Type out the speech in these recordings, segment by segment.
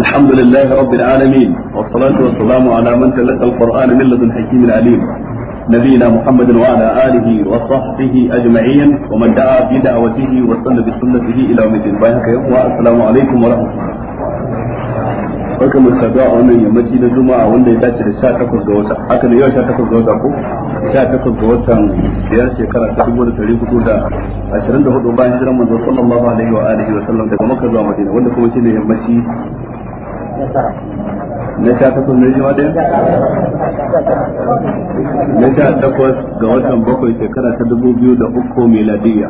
الحمد لله رب العالمين والصلاة والسلام على من تلقى القرآن من لدن حكيم عليم نبينا محمد وعلى آله وصحبه أجمعين ومن دعا بدعوته وسن بسنته إلى يوم الدين السلام عليكم ورحمة الله barka mu saduwa a wannan yammaci na juma'a wanda ya dace da 18 ga wata haka ne yau 18 ga wata ko 18 ga watan biyar shekara ta 1424 bayan jiran manzo sallallahu alaihi wa alihi wa sallam daga Makka zuwa Madina wanda kuma shine yammaci na sha takwas na jima ɗaya na sha takwas ga watan bakwai shekara ta dubu biyu da uku miladiyya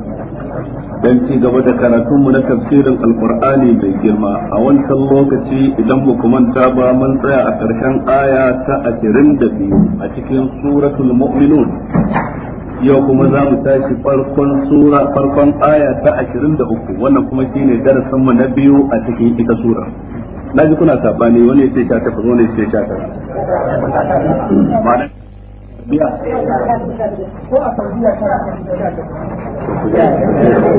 don ci gaba da karatunmu na tafsirin alkur'ani mai girma a wancan lokaci idan mu manta ba mun tsaya a ƙarshen aya ta ashirin da biyu a cikin suratul mu'minun yau kuma za mu tashi farkon sura farkon aya ta ashirin da uku wannan kuma shine darasin mu na biyu a cikin ita sura na ji kuna sabani wani ya ce sha takwas wani ya ce sha tara ma'ana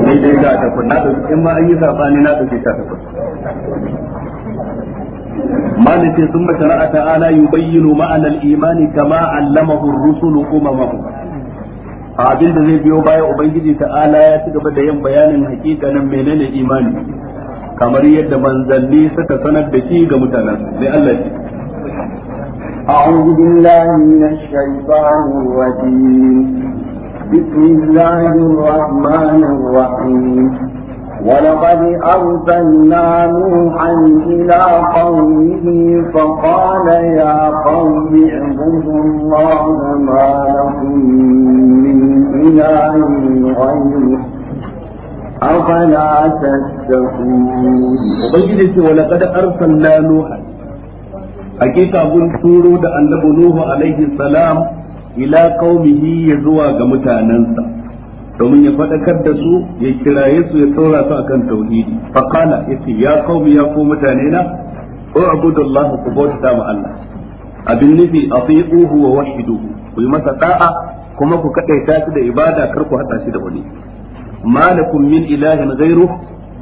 ni dai sha takwas na ɗauki in ma an yi sabani na ɗauki sha takwas مالك ثم شرع تعالى يبين معنى الإيمان كما علمه الرسل أممهم abin da zai biyo baya ubangiji ta'ala ya ci gaba da yin bayanin hakikanin menene imani kamar yadda manzanni suka sanar da shi ga mutanen sai Allah ya أعوذ بالله من الشيطان الرجيم بسم الله الرحمن الرحيم ولقد أرسلنا نوحا إلى قومه فقال يا قوم اعبدوا الله ما لكم من إله غيره أفلا تتقون وبجد سوى لقد أرسلنا نوحا حقيقة أقول سورو دا النبي نوح عليه السلام إلى قومه يزوى كمتاننسا domin ya faɗakar da su ya kiraye su ya tsora su akan tauhidi faqala yace ya qaumi ya ku mutane ko abudullah ku bauta ma Allah abin nufi atiuhu wa wahiduhu ku yi masa da'a kuma ku kadaita da ibada kar ku haɗa shi da wani malakum min ilahin ghairuh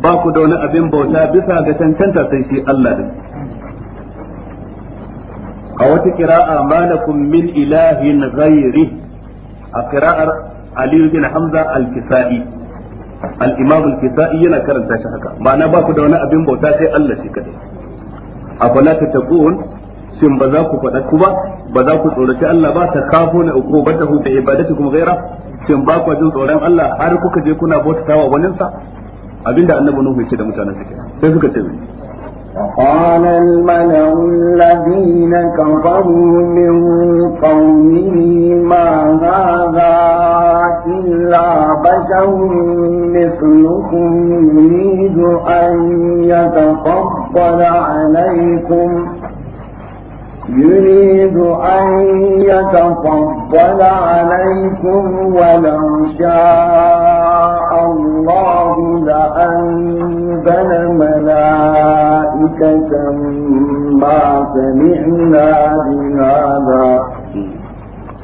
ba ku da wani abin bauta bisa ga cancanta sai shi Allah din a wata kira'a malakum min ilahin ghairi a kira'ar Aliyu bin Hamza al-Kisa'i al-Imam al-Kisa'i yana karanta shi haka ma'ana ba ku da wani abin bauta sai Allah shi kadai afala tattaqun shin ba za ku faɗa ku ba ba za ku tsorata Allah ba ta kafo na uku ba ta huta ibadatu kuma gaira shin ba ku jin tsoron Allah har kuka je kuna bautawa wa wani sa abinda annabi Nuhu yake da mutanen sa sai suka ce وقال الملأ الذين كفروا من قومه ما هذا إلا بشر مثلكم يريد أن يتفضل عليكم يريد أن يتفضل عليكم ولو شاء الله لأنزل ملائكة ما سمعنا بهذا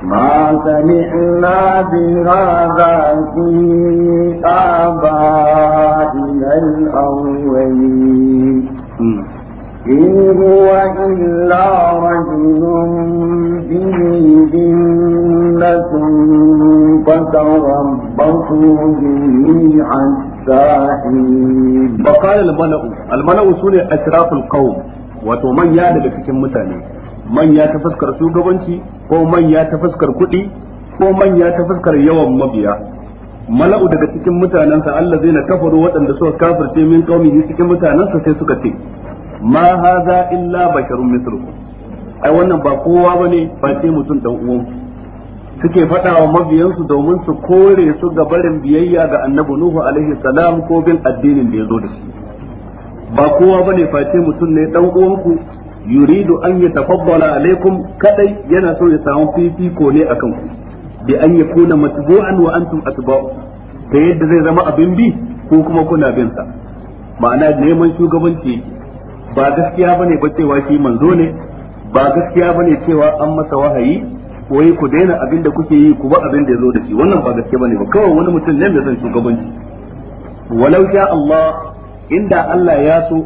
ما سمعنا بهذا في آبائنا الأولين إن هو إلا رجل به جنة فتربصوا به حتى فقال الملأ الملأ سنة أشراف القوم وتومن يالد في كم متاني من يتفسكر سوغبنتي ومن يتفسكر كتي ومن يتفسكر يوم مبيا mala'u daga cikin mutanensa Allah zai na kafaru waɗanda suka kafirce min kaumihi cikin mutanensa sai suka ce ma illa basharun mithlukum ai wannan ba kowa bane face mutum dan uwan suke faɗa wa mabiyansu domin su kore su ga barin biyayya ga annabi nuhu alaihi salam ko bin addinin da ya zo da shi ba kowa bane face mutum ne dan uwanku yuridu an yatafaddala alaikum kadai yana so ya samu fifiko ne akan ku bi an yakuna matbu'an wa antum atba'u ta yadda zai zama abin bi ko kuma kuna bin sa ma'ana neman shugabanci ba gaskiya bane ba cewa shi manzo ne ba gaskiya bane cewa an masa wahayi ko ku daina abin da kuke yi ku ba abin da ya zo da shi wannan ba gaskiya bane ba kawai wani mutum ne mai son shugabanci walau sha Allah inda Allah ya so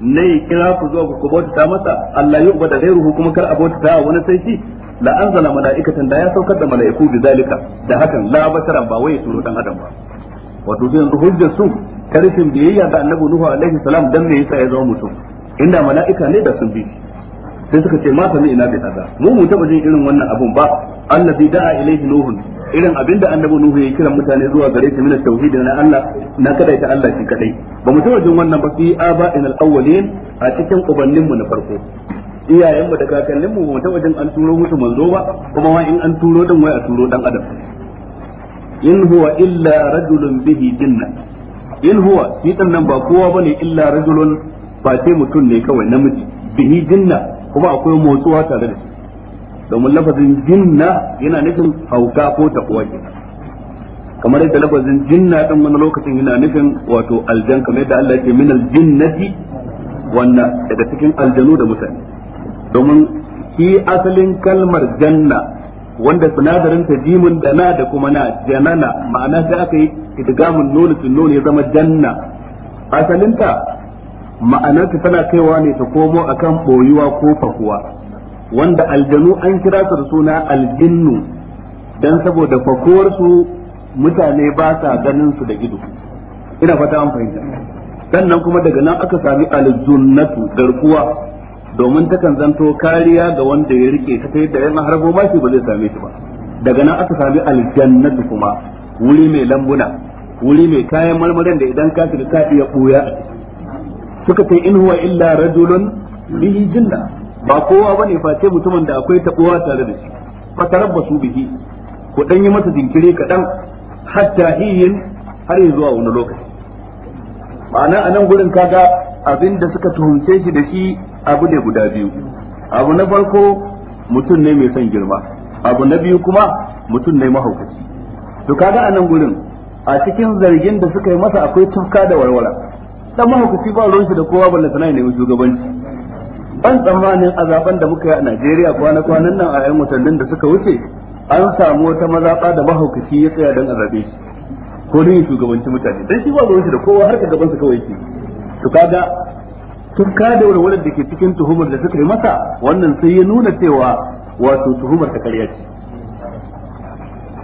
ne kira ku zuwa ku ta masa Allah ya ubada gairuhu kuma kar a ta wani sai shi la anzala malaikatan da ya saukar da malaiku bi zalika da hakan la basara ba wai turo dan adam ba wato yanzu hujjar su karfin biyayya da annabi Nuhu alaihi salam dan me yasa ya zama mutum inda mala'ika ne da sun bi sai suka ce ma sami ina bai hada mu mu taba jin irin wannan abun ba allazi da'a ilayhi nuhun irin abinda annabi nuhu ya kira mutane zuwa gare shi min tauhid na Allah na kada ta Allah shi kadai ba mu taba jin wannan ba fi aba'in al-awwalin a cikin ubannin mu na farko iyayen mu da kakannin mu ba mu taba jin an turo mutum manzo ba kuma ma in an turo dan wai a turo dan adam in huwa illa rajulun bihi jinna in huwa shi nan ba kowa bane illa rajulun ba sai mutum ne kawai namiji bihi jinna kuma akwai motsuwa tare da shi domin lafazin jinna yana nufin hauka ko taɓuwa kenan kamar yadda lafazin jinna din wani lokacin yana nufin wato aljan kamar yadda Allah ya ce min aljinnati wannan daga cikin aljanu da mutane domin shi asalin kalmar janna wanda sinadarin ta jimin da na da kuma na janana ma'ana sai aka yi idgamun nunu tun nunu ya zama janna Asalin ta. ma'anarta tana kaiwa ne ta komo akan boyuwa ko fakuwa wanda aljanu an kira su da suna aljinnu dan saboda fakuwar su mutane ba sa ganin su da ido ina fata an fahimta sannan kuma daga nan aka sami aljunnatu garkuwa domin takan zanto kariya ga wanda ya rike ta yadda yan harbo ma shi ba zai same shi ba daga nan aka sami aljannatu kuma wuri mai lambuna wuri mai kayan marmarin da idan ka shiga ka iya buya a ciki suka ce in huwa illa rajulun bihi jinna ba kowa bane face mutumin da akwai tabuwa tare da shi fa tarabbasu bihi ku dan yi masa jinkiri kadan hatta hiyin har zuwa wani lokaci ma'ana a nan gurin kaga abin da suka tuhumce shi da shi abu ne guda biyu abu na farko mutum ne mai son girma abu na biyu kuma mutum ne mahaukaci to kaga a nan gurin a cikin zargin da suka yi masa akwai tufka da warwara dan mahaukaci ba ruwan shi da kowa balle sana ne shugabanci ban tsammanin azaban da muka yi a Najeriya kwana kwanan nan a yan watannin da suka wuce an samu wata mazaɓa da mahaukaci ya tsaya don a shi ko ne shugabanci mutane dan shi ba ruwan shi da kowa har ka gaban sa kawai yake to kaga tun ka da wani da ke cikin tuhumar da suka yi masa wannan sai ya nuna cewa wato tuhumar ta ƙarya ce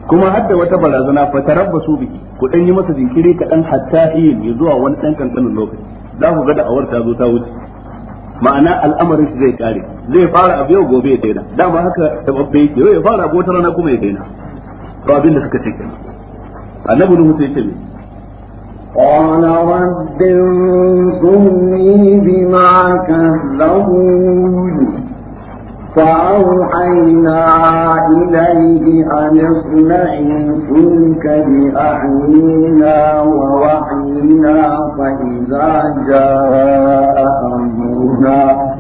kuma hadda wata barazana fa tarabbasu biki ku dan yi masa jinkiri dan hatta yin ya zuwa wani dan kankanin lokaci za ku ga awar ta zo ta wuce ma'ana al'amarin shi zai kare zai fara abu yau gobe ya daina dama haka babbe yake yau ya fara abu wata rana kuma ya daina to abin da suka ce kenan annabi nuhu sai ce قال رب انصرني بما كذبون فأوحينا إليه أن اصنع الفلك بأعيننا ووحينا فإذا جاء أمرنا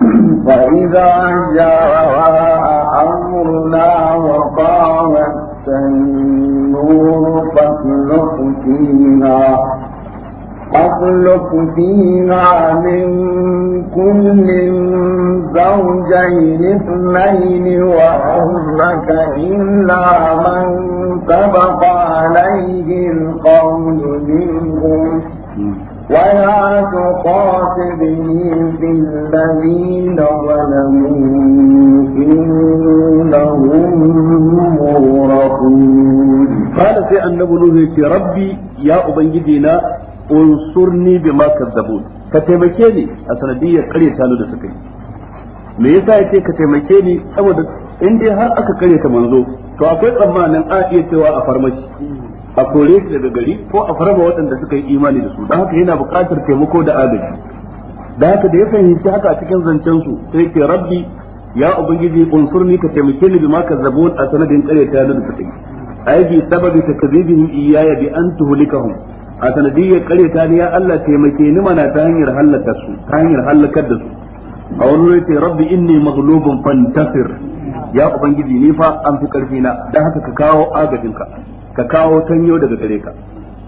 فإذا جاء أمرنا وقالت النور فاخلق فيها أخلق فيها من كل زوجين اثنين وأهلك إلا من سبق عليه القول منهم ولا تخاطبني في الذين ظلموا إنهم مغرقون قال في النبي ربي يا أبنجدنا unsurni ma kadzabun ka taimake ni a sanadiyar kare da suka yi me yasa yace ka taimake ni saboda in dai har aka kare ta manzo to akwai tsammanin a iya cewa a farmaci a kore shi daga gari ko a farma waɗanda suka yi imani da su don haka yana buƙatar taimako da agaji da haka da ya fahimci haka a cikin zancen su sai ke rabbi ya ubangiji unsurni ka taimake ni bi ma kazzabun a sanadin kare talo da suka yi ai bi sababi takzibihim iyaya bi an tuhlikahum a sanadiyyar kare ta ya Allah taimake ni mana ta hanyar halaka su ta hanyar halakar da su a wani wuri ce rabbi inni maghlubun fantasir ya ubangiji ni fa an fi karfi na dan haka ka kawo agajin ka ka kawo tanyo daga gare ka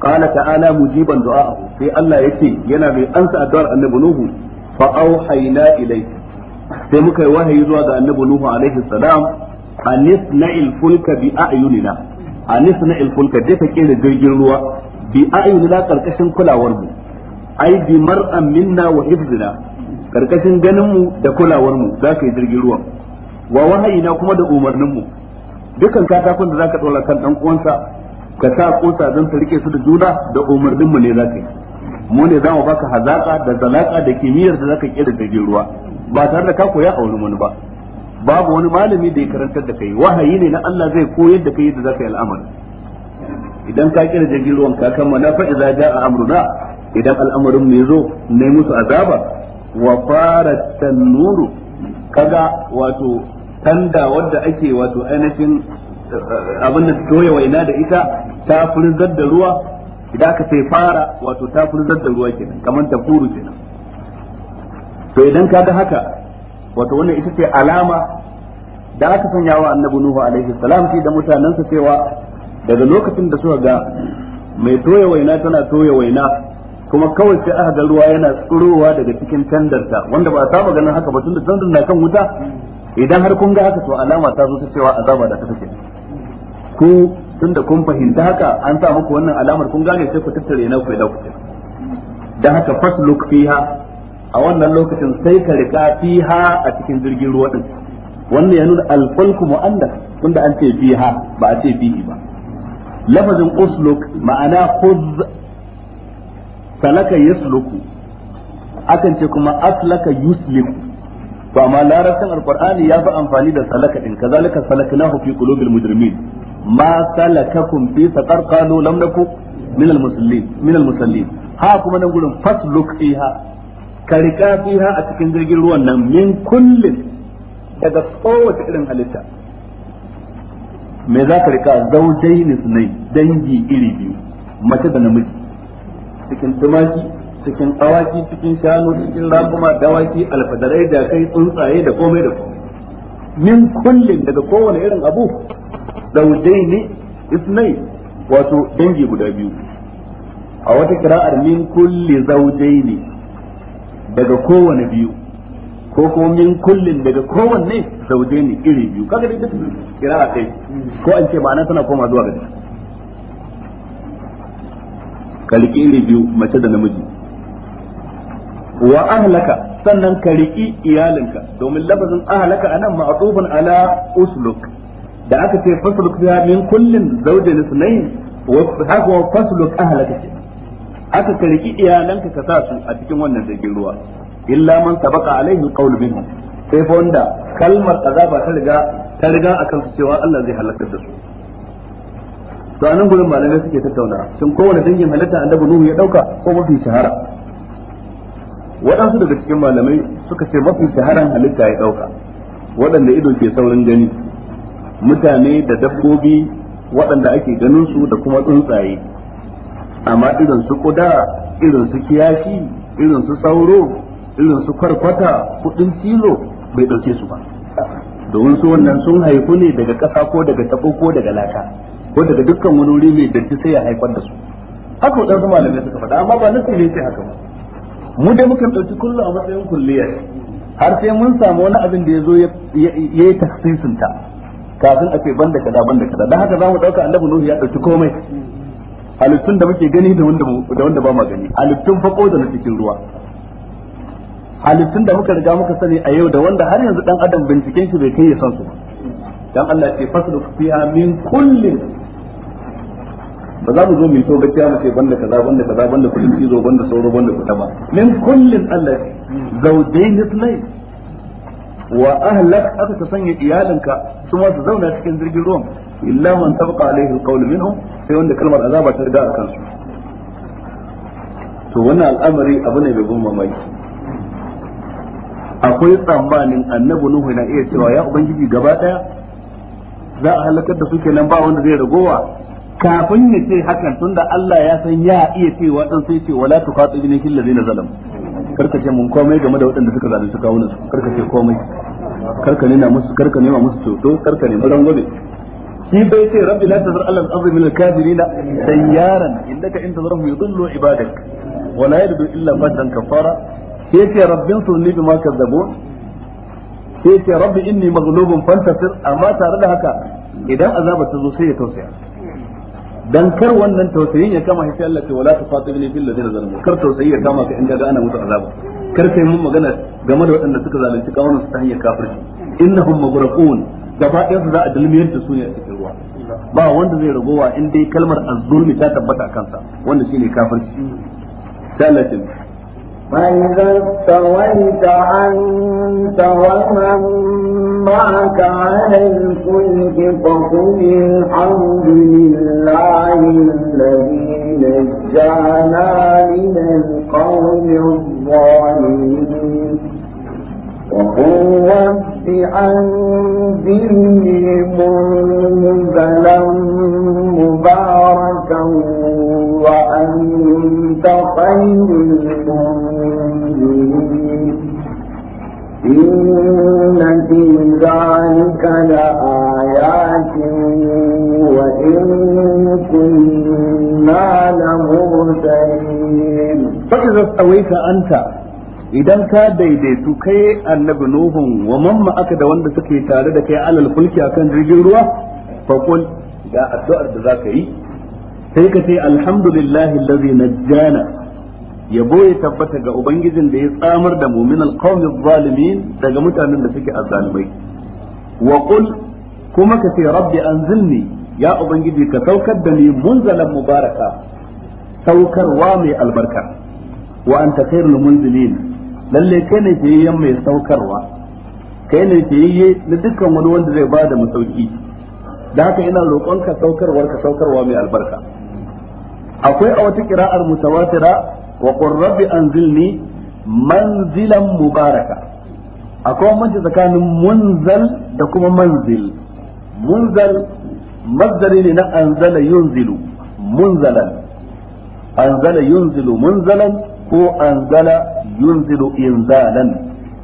qala ta'ala mujiban du'a'ahu sai Allah yake yana mai ansa addu'ar annabi nuhu fa auhayna ilayka sai muka yi wahayi zuwa ga annabi nuhu alaihi salam anisna'il fulka bi a'yunina anisna'il fulka dai ka kera jirgin ruwa bi a'yunina karkashin kulawar mu ai bi mar'an minna wa hifzina karkashin ganin mu da kulawar mu zaka yi jirgin ruwan wa wahayina kuma da umarnin mu dukan katakon da zaka dora kan dan uwansa ka sa kusa don ta rike su da juna da umarnin mu ne zaka yi mu ne zamu baka hazaka da zalaka da kimiyyar da zaka kira jirgin ruwa ba tare da ka koya a wani wani ba babu wani malami da ya karantar da kai wahayi ne na Allah zai koyar da kai yadda zaka yi al'amari idan ka kira jagiruwan ka ka kammala fa idza jaa amruna idan al'amarin mu zo ne musu azaba wa farat tanuru kaga wato tanda wadda ake wato ainihin eh, abin da toye waina da ita ta furzar da ruwa idan aka sai fara wato ta furzar da ruwa kenan kamar ta furu kenan to idan ka ga haka wato wannan ita ce alama da aka sanya wa annabi nuhu alaihi salam shi da mutanansa cewa daga lokacin da suka ga mai toya waina tana toya waina kuma kawai sai aka ga ruwa yana tsirowa daga cikin tandarta wanda ba a saba ganin haka ba tun da tandar na kan wuta idan har kun ga haka to alama ta zo ta cewa azaba da ta take ku tunda kun fahimta haka an sa muku wannan alamar kun gane sai ku tattare na ku da ku dan haka look fiha a wannan lokacin sai ka rika fiha a cikin jirgin ruwa din wannan ya nuna alfalku mu'annas tunda an ce fiha ba a ce bihi ba lafazin usluk ma'ana khudh salaka yasluku akan ce kuma aslaka yusliku to amma larabcin alqur'ani ya fi amfani da salaka din kazalika salaknahu fi qulubil mujrimin ma salakakum fi saqar qalu lam naku min al muslimin min al muslimin ha kuma nan gurin fasluk fiha ka rika fiha a cikin jirgin ruwan nan min kullin daga kowace irin halitta me za ka rika zaujai nisnai dangi iri biyu mace da namiji cikin tumaki cikin awaki cikin shanu cikin raguma dawaki alfadarai da kai tsuntsaye da komai da komai min kullin daga kowane irin abu zaujai ne isnai wato dangi guda biyu a wata kira'ar min kulli zaujai ne daga kowane biyu ko kuma min kullin daga kowanne zauje ne iri biyu kaga dai duk kira kai ko an ce ma'ana tana koma zuwa gari. ka riki iri biyu mace da namiji wa ahlaka sannan ka riki iyalinka domin lafazin ahlaka anan ma'tufan ala usluk da aka ce fasluk biha min kullin zawjayn sunai wa haka fasluk ahlaka aka ka riki iyalanka ka sa su a cikin wannan jirgin ruwa illa man sabaqa alaihi alqawl minhum sai fa wanda kalmar azaba ta riga ta riga akan su cewa Allah zai halaka da su to anan gurin malamai suke tattauna shin kowane dangin halitta annabi Nuhu ya dauka ko mafi shahara waɗansu daga cikin malamai suka ce mafi shaharan halitta ya dauka waɗanda ido ke saurin gani mutane da dabbobi waɗanda ake ganin su da kuma tsuntsaye amma irin su kuda irin su kiyashi irin su sauro irin su kwarkwata kudin tilo bai dauke su ba domin su wannan sun haifu ne daga ƙasa ko daga tabo ko daga laka ko daga dukkan wani wuri mai datti sai ya haifar da su haka su malamai suka faɗa amma ba nufin ne sai haka ba mu da muka dauki kullum a matsayin kulliyar har sai mun samu wani abin da ya zo ya yi tafsisin ta kafin a ce banda kaza da kaza dan haka zamu dauka annabi nuhu ya dauki komai halittun da muke gani da wanda da wanda ba ma gani halittun fako da na cikin ruwa halittun da muka riga muka sani a yau da wanda har yanzu dan adam binciken shi bai kai ya san su ba dan Allah ce faslu fiha min kullin ba za mu zo mu yi to gaskiya mu ce banda kaza banda kaza banda kudin cizo banda sauro banda kuta ba min kullin Allah zaudain ithnai wa ahlak aka ta sanya iyalinka su ma su zauna cikin jirgin ruwan illa man tabqa alaihi alqawl minhum sai wanda kalmar azaba ta riga a kansu to wannan al'amari abu ne bai bin mamaki akwai tsammanin annabi nuhu na iya cewa ya ubangiji gaba daya za a halakar da su kenan ba wanda zai ragowa kafin ya ce hakan tunda Allah ya san ya iya cewa dan sai ce wala tuqatibni fil ladina zalam karka ce mun komai game da waɗanda suka zalunci kawunan su karka ce komai karka nuna musu karka nema musu ceto karka nema rangwame shi bai ce rabbi la tazar alal ardi min al kafirin sayyaran innaka in tazarhum yudillu ibadak Wala la yadu illa fatan kafara sai ce rabbin surni bi ma zabo? sai rabbi inni maghlubun fantasir amma tare da haka idan azaba ta zo sai ya tausaya dan kar wannan tausayin ya kama shi Allah ta wala tufatibni fil ladina zalamu kar tausayi ya kama ka inda ga ana mutu azaba kar kai mun magana game da waɗanda suka zalunci kawunan su ta hanyar kafirci innahum mughraqun gaba ɗaya su za a dalmiyar da su ne a cikin ruwa ba wanda zai ragowa in dai kalmar azzulmi ta tabbata kansa wanda shine kafirci sai Allah فإذا استويت أنت ومن معك على الفلك فقل الحمد لله الذي نجانا من القوم الظالمين وقل رب أنزلني منزلا مباركا وأنت خير المنزلين إن في ذلك لآيات وإن كنا لمرسلين فإذا استويت أنت idan ka daidaitu kai annabi nuhun wa mamma aka da wanda suke tare da kai alal fulki akan jirgin ruwa fa kul ga addu'ar da zaka yi sai ka ce alhamdulillahi allazi najjana yabo ya tabbata ga ubangijin da ya tsamar da mu'minal qawmi zalimin daga mutanen da suke azzalimai wa qul kuma ka ce rabbi anzilni ya ubangiji ka saukar da ni munzalan mubaraka saukarwa mai albarka wa anta khairul munzilin lalle kai ne fiyayyen mai saukarwa kai ne fiyayye na dukkan wani wanda zai bada masauki da haka ina ka saukarwar ka saukarwa mai albarka akwai a wata kira'ar mutawatira wa rabbi rabbi ne manzilan mubaraka akwai manci tsakanin munzal da kuma manzil munzal mazdari ne na anzala yunzilu munzalan anzala yunzilu munzalan ko anzala yunzilu inzalan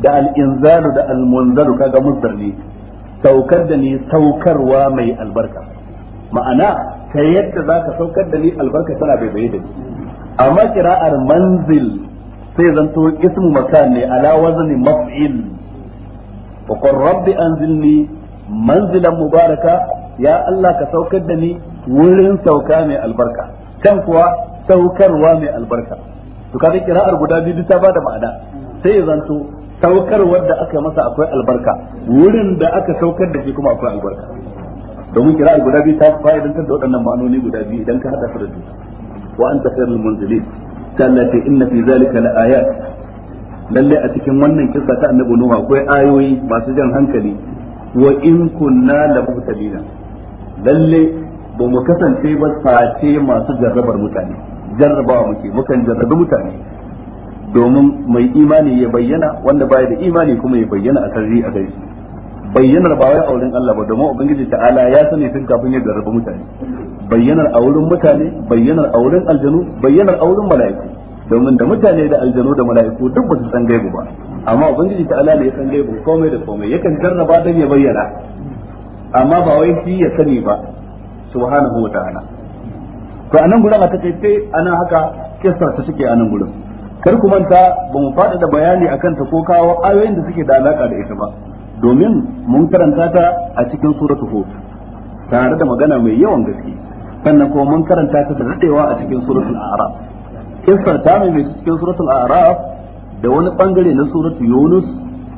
da al-inzalu da al-munzalu kaga muzdar ne saukar da ni saukarwa mai albarka ma'ana ta yadda za ka saukar da ni albarka tana bai da ni amma kira'ar manzil sai zanto ismu makan ne ala wazni maf'il wa qur rabbi anzilni manzilan mubaraka ya Allah ka saukar da ni wurin sauka mai albarka kan kuwa saukarwa mai albarka to kaga kira'ar guda biyu ta bada ma'ana sai zan zanto saukarwar da aka masa akwai albarka wurin da aka saukar da shi kuma akwai albarka domin kira'ar guda biyu ta fa'idantar da waɗannan ma'anoni guda biyu idan ka hada su da juna wa anta khairul munzilin sallati inna fi zalika laayat lalle a cikin wannan kisa ta annabi nuhu akwai ayoyi masu jan hankali wa in kunna la mubtalina lalle ba mu kasance ba face masu jarrabar mutane jarrabawa muke mukan jarrabi mutane domin mai imani ya bayyana wanda baya da imani kuma ya bayyana a sarri a gaishe bayyanar ba wai wurin Allah ba domin ubangiji ta'ala ya sani tun kafin ya garba mutane bayyanar a wurin mutane bayyanar a wurin aljanu bayyanar a wurin mala'iku domin da mutane da aljanu da mala'iku duk ba su san gaibu ba amma ubangiji ta'ala ne ya san gaibu komai da komai yakan jarraba dan ya bayyana amma ba wai shi ya sani ba subhanahu wa ta'ala to anan gurin a takaice ana haka kissar ta suke anan gurin kar ku manta ba mu da bayani akan ta ko kawo ayoyin da suke da alaka da ita ba domin mun karanta ta a cikin suratu hud tare da magana mai yawan gaske sannan kuma mun karanta ta da daɗewa a cikin suratul a'raf kissar ta mai cikin suratul a'raf da wani bangare na suratu yunus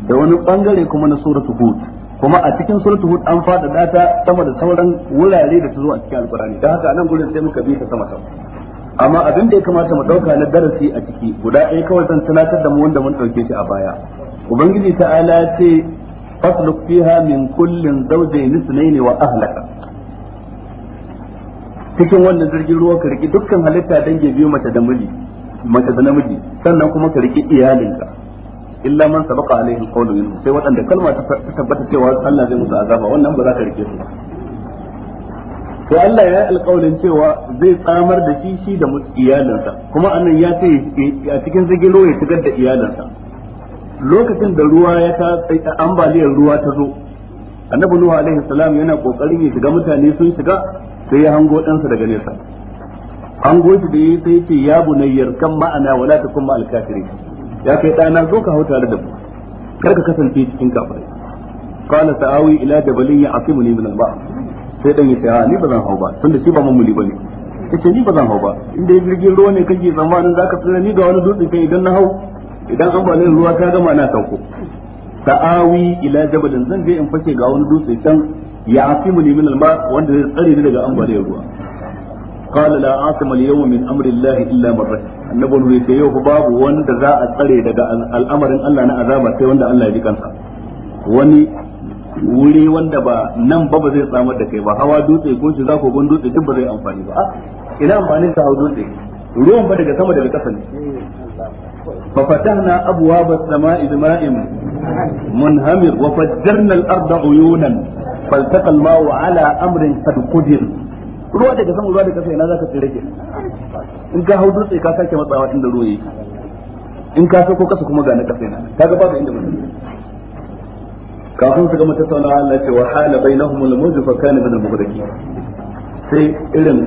da wani bangare kuma na suratu hud kuma a cikin suratu hud an fada ta sama da sauran wurare da ta zo a cikin alqur'ani dan haka anan gurin sai muka bi ta sama sama amma abin da ya kamata mu dauka na darasi a ciki guda ɗaya kawai zan tunatar da mu wanda mun dauke shi a baya ubangiji ta'ala ce فاسلك فيها من كل زوجين اثنين واهلك cikin wannan jirgin ruwa ka riki dukkan halitta dange biyu mace da miji mace da namiji sannan kuma ka riki iyalinka illa man sabaqa alaihi alqawlu minhu sai waɗanda kalma ta tabbata cewa Allah zai musu azaba wannan ba za ka riƙe su ba to Allah ya yi alƙawalin cewa zai tsamar da shi shi da iyalinsa kuma annan ya ce a cikin jirgin ruwa ya shigar da iyalinsa lokacin da ruwa ya ta ambaliyar ruwa ta zo annabi nuhu alaihi salam yana kokarin ya shiga mutane sun shiga sai ya hango ɗansa daga nesa hango shi da yayi sai ce ya bunayyar kan ma'ana wala ta kuma alkafiri ya kai ɗana zo ka hau tare da mu kar ka kasance cikin kafirai qala ta'awi ila jabalin ya'simuni min al-ba' sai dan yace a ni ba zan hau ba tunda shi ba mamuli bane yace ni ba zan hau ba inda ya jirgin ruwa ne kake zamanin zaka tsira ni ga wani dutse kai idan na hau idan ambaliyar ruwa ta gama na sauko ta'awi ila jabalin zan je in fashe ga wani dutse can ya mu ne min alma wanda zai tsare ni daga ambaliyar ruwa qala la asima al yawma min amri allah illa man rahim annabi ne sai yau babu wanda za a tsare daga al'amarin Allah na azaba sai wanda Allah ya ji kansa wani wuri wanda ba nan ba ba zai samar da kai ba hawa dutse ko shi za ko gon dutse duk ba zai amfani ba ina amfani da hawa dutse ruwan ba daga sama daga kasa ne ففتحنا أبواب السماء بماء منهمر وفجرنا الأرض عيونا فالتقى الماء على أمر قد قدر ruwa daga sama ruwa daga sai na zaka tsire ke in ka hau dutse ka sake matsawa inda ruwa yake in ka sauko kasa kuma ga na kasa na kaga babu inda mutum kafin su gama tattaunawa Allah ce wa hala bainahum al-mawj fa kana min al-mughraqin sai irin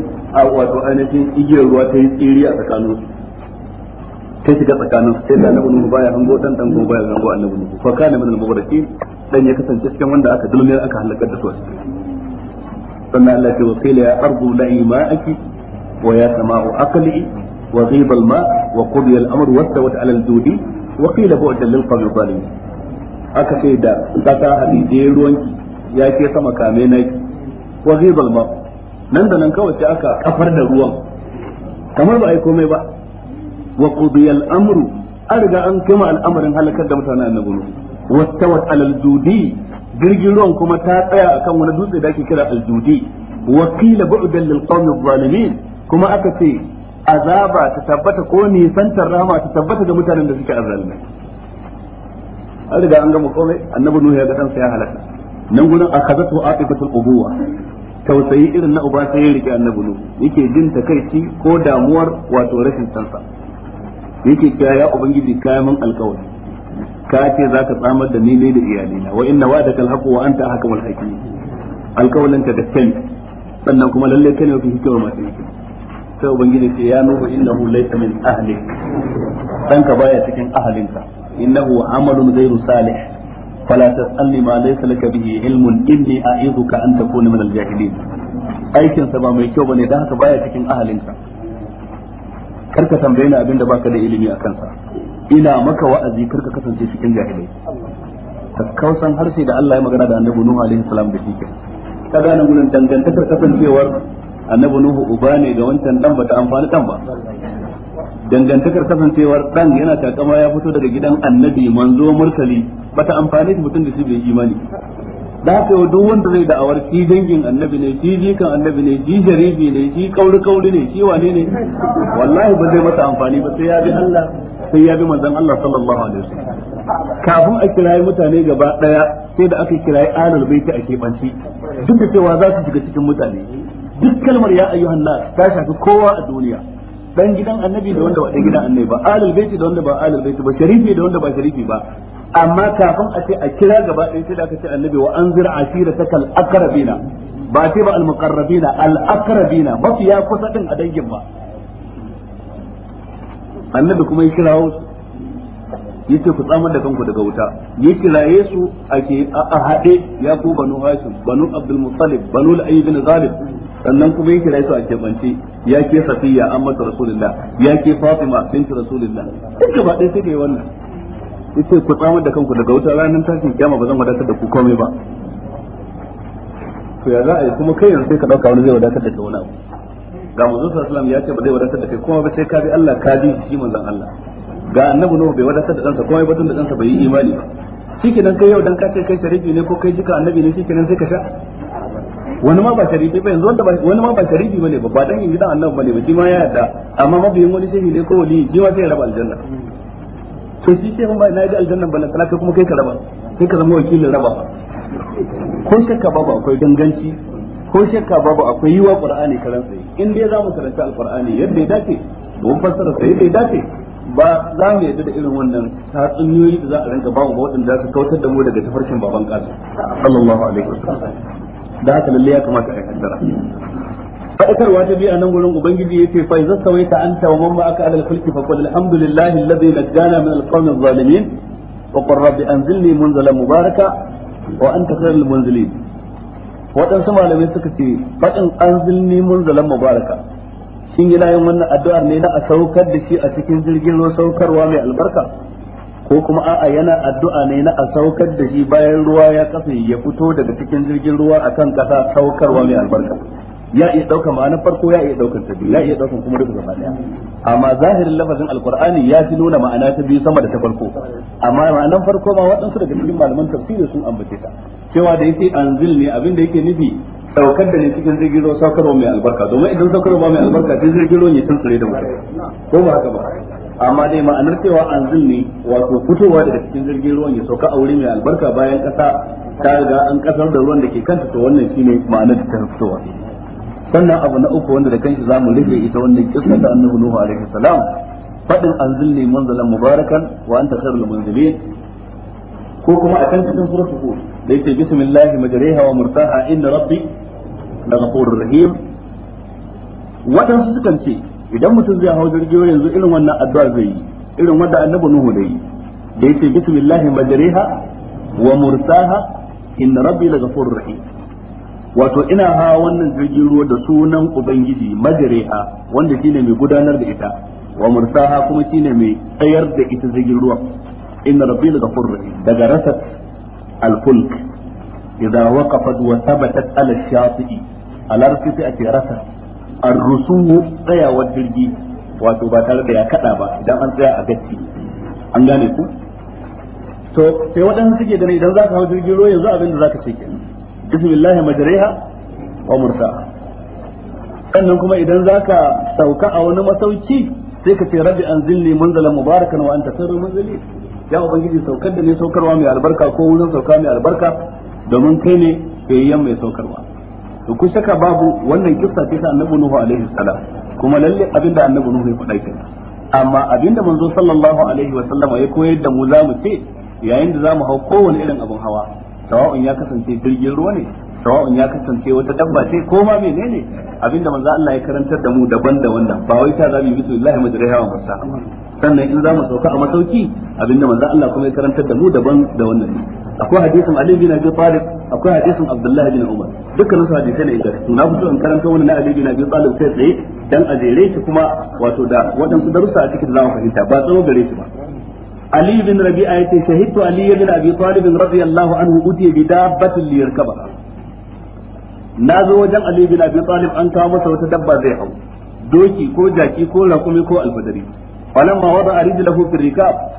wato ainihin igiyar ruwa ta yi tsiri a tsakaninsu sai shiga tsakanin sai da annabi nuhu baya hango dan dan gobe baya hango annabi nuhu fa kana min al-mughraqin dan ya kasance cikin wanda aka dulmiyar aka halakar da su sannan Allah ya wakila ya ardu la'i ma'aki wa ya sama'u aqli wa ghiba al-ma wa qudiya al-amr wa tawat ala al-judi wa qila bu'dan lil qawmi zalimin aka ce da kasa hadije ruwanki ya ke sama kame naki wa ghiba al-ma nan da nan kawai sai aka kafar da ruwan kamar ba ai komai ba wa qudiya al-amru an riga an kama al'amarin halakar da mutanen annabi nuhu wastawat al-judi jirgin ruwan kuma ta tsaya akan wani dutse da ake kira al-judi wa qila bu'dan lil qawmi adh kuma aka ce azaba ta tabbata ko nisantar rahama ta tabbata ga mutanen da suke azzalmai an riga an gama komai annabi nuhu ya ga dan ya halaka nan gurin akhazatu aqibatul ubuwa tausayi irin na uba sai ya rike annabi nuhu yake jin takaici ko damuwar wato rashin sansa yake cewa ya ubangiji kayan alkawari ka ce za ka tsamar da ni ne da iyalina wa inna wa'adaka alhaqu wa anta ahkamul hakimin alkawalin ka da gaskiya sannan kuma lalle kai ne fi hikima masu hikima sai ubangiji ce ya nuhu innahu laysa min ahlik danka baya cikin ahlinka innahu amalun ghayru salih fala tasalni ma laysa laka bihi ilmun inni a'iduka an takuna min al-jahilin aikin sa ba mai kyau bane dan haka baya cikin ahlinka karka tambaye ni abin da baka da ilimi a kansa ina maka wa'azi karka kasance cikin jahilai kausan harshe da Allah ya magana da annabi Nuhu alaihi salam da shike ka gane gurin dangantakar kasancewar annabi Nuhu uba ne ga wancan dan bata amfani dan ba dangantakar kasancewar dan yana takama ya fito daga gidan annabi manzo murtali bata amfani mutum da shi bai imani da haka yau duk wanda zai da'awar shi dangin annabi ne shi jikan annabi ne shi jaribi ne shi kauri kauri ne shi wane ne wallahi ba zai mata amfani ba sai ya bi Allah sai ya bi manzon Allah sallallahu alaihi wasallam kafin a kirayi mutane gaba daya sai da aka kirayi alal baiti a kebanci duk da cewa za su shiga cikin mutane duk kalmar ya ayyuhan nas ta shafi kowa a duniya dan gidan annabi da wanda ba dan gidan annabi ba alul baiti da wanda ba alul baiti ba sharifi da wanda ba sharifi ba amma kafin a ce a kira gaba ɗaya sai da aka ce annabi wa anzir ashiratak al aqrabina ba ce ba al muqarrabina al aqrabina mafiya kusa din a dangin ba annabi kuma ya kirawo su yace ku tsamar da kanku daga wuta ya kira su a haɗe ya ku banu hashim banu abdul muttalib banu al-ayyib bin zalib sannan kuma yake rai su a kebance ya ke safiya an mata rasulullah ya ke fatima binti rasulullah duk ba dai sai ne wannan yace ku tsamar da kanku daga wuta ranar tashin kiyama ba zan wadatar da ku komai ba to ya za a yi kuma kai yanzu sai ka dauka wani zai wadatar da kai wani abu ga manzo sallallahu salam ya ce ba zai wadatar da kai kuma ba sai ka bi Allah ka bi shi manzon Allah ga annabi Nuhu bai wadatar da kansa komai ba tun da kansa bai yi imani ba shikenan kai yau dan ka ce kai sharifi ne ko kai jika annabi ne shikenan sai ka sha wani ma ba sharifi ba yanzu wanda wani ma ba sharifi bane ba ba dan yin gidan annabi bane ba shi ma ya yarda amma mabiyin wani shehi ne ko wali shi ma sai ya raba aljanna to shi sai mun ba na ji aljanna ba na kuma kai ka raba kai ka zama wakilin raba ko shakka babu akwai danganci ko shakka babu akwai yiwa qur'ani karan tsaye in dai za mu karanta alqur'ani yadda ya dace domin fassara sai yadda ya dace ba za mu yadda da irin wannan tatsuniyoyi da za a ranka ba mu waɗanda za su kautar da mu daga tafarkin baban kasu sallallahu alaihi wasallam da haka lalle ya kamata a kaddara fadakarwa ta biyu a nan gurin ubangiji yace fa idza sawaita anta wa man ma'aka ala al-fulki fa qul alhamdulillahi alladhi najjana min al-qawmi adh-dhalimin wa qur rabbi anzilni munzalan mubaraka wa anta khairul munzilin waɗansu malamai suka ce faɗin anzilni munzalan mubaraka shin yana yin wannan addu'ar ne na a saukar da shi a cikin jirgin ruwa saukarwa mai albarka ko kuma a'a yana addu'a ne na a saukar da shi bayan ruwa ya kafe ya fito daga cikin jirgin ruwa akan kasa saukarwa mai albarka ya iya dauka ma'anar farko ya iya daukar ta biyu ya iya daukan kuma duka gaba daya amma zahirin lafazin alqur'ani ya fi nuna ma'ana ta biyu sama da ta farko amma ma'anar farko ma waɗansu daga cikin malaman tafsiri sun ambace ta cewa da yake anzil ne abin da yake nufi saukar da ne cikin jirgin ruwa saukarwa mai albarka domin idan saukarwa mai albarka cikin jirgin ruwa ne tun tsire da mutum ko ba haka ba amma dai ma'anar cewa an ne wato fitowa daga cikin jirgin ruwan ya sauka a wuri mai albarka bayan kasa ta riga an kasar da ruwan da ke kanta to wannan shine ma'anar da ta fitowa sannan abu na uku wanda da kanshi zamu rufe ita wannan kisa da annabi nuhu alaihi salam fadin an ne manzalan mubarakan wa anta khairul munzilin ko kuma a kan cikin suratul hud da yake bismillahi majriha wa murtaha inna rabbi la ghafurur rahim wadan sukan ce idan mutum zai hau jirgi yanzu irin wannan addu'a zai yi irin wanda annabi nuhu da yi da yace bismillahi majriha wa mursaha inna rabbi la ghafurur rahim wato ina ha wannan jirgin ruwa da sunan ubangiji majriha wanda shine mai gudanar da ita wa mursaha kuma shine mai tsayar da ita jirgin ruwa inna rabbi la ghafurur rahim daga rasat al-fulk idza waqafat wa thabatat ala shafi'i, alarfi sai a rasat ar-rusuhu tsayawar jirgi wato ba tare da ya kada ba idan an tsaya a gaci an gane ku to sai waɗansu suke ganin idan za ka hau jirgin ruwa yanzu abin da za ka ce kenan bismillah majriha wa mursaha sannan kuma idan za ka sauka a wani masauki sai ka ce rabbi anzilni munzalan mubarakan wa anta sarru munzali ya ubangiji saukar da ne saukarwa mai albarka ko wurin sauka mai albarka domin kai ne kayyan mai saukarwa to ku shaka babu wannan kissa ce ta annabi nuhu alaihi salam kuma lalle abinda annabi nuhu ya faɗa kenan amma abinda manzo sallallahu alaihi wa sallama ya koyar da mu zamu ce yayin da zamu hau kowane irin abin hawa sawa'un ya kasance jirgin ruwa ne sawa'un ya kasance wata dabba ce ko ma menene abinda manzo Allah ya karantar da mu daban da wannan ba wai ta zabi bisu lillahi majriha wa mursaha sannan in zamu sauka a masauki abinda manzo Allah kuma ya karantar da mu daban da wannan akwai hadisin Ali bin Abi Talib akwai hadisin Abdullah bin Umar dukkanin su hadisai ne ingantattu na fito in karanta wani na Ali bin Abi Talib sai tsaye dan ajere shi kuma wato da waɗansu darussa a cikin zama fahimta ba tsawo gare shi ba Ali bin Rabi'a yace shahidtu Ali bin Abi Talib radiyallahu anhu utiya bi dabbatin liyarkaba na zo wajen Ali bin Abi Talib an kawo masa wata dabba zai hau doki ko jaki ko rakumi ko alfadari falamma wada arjilahu fi rikab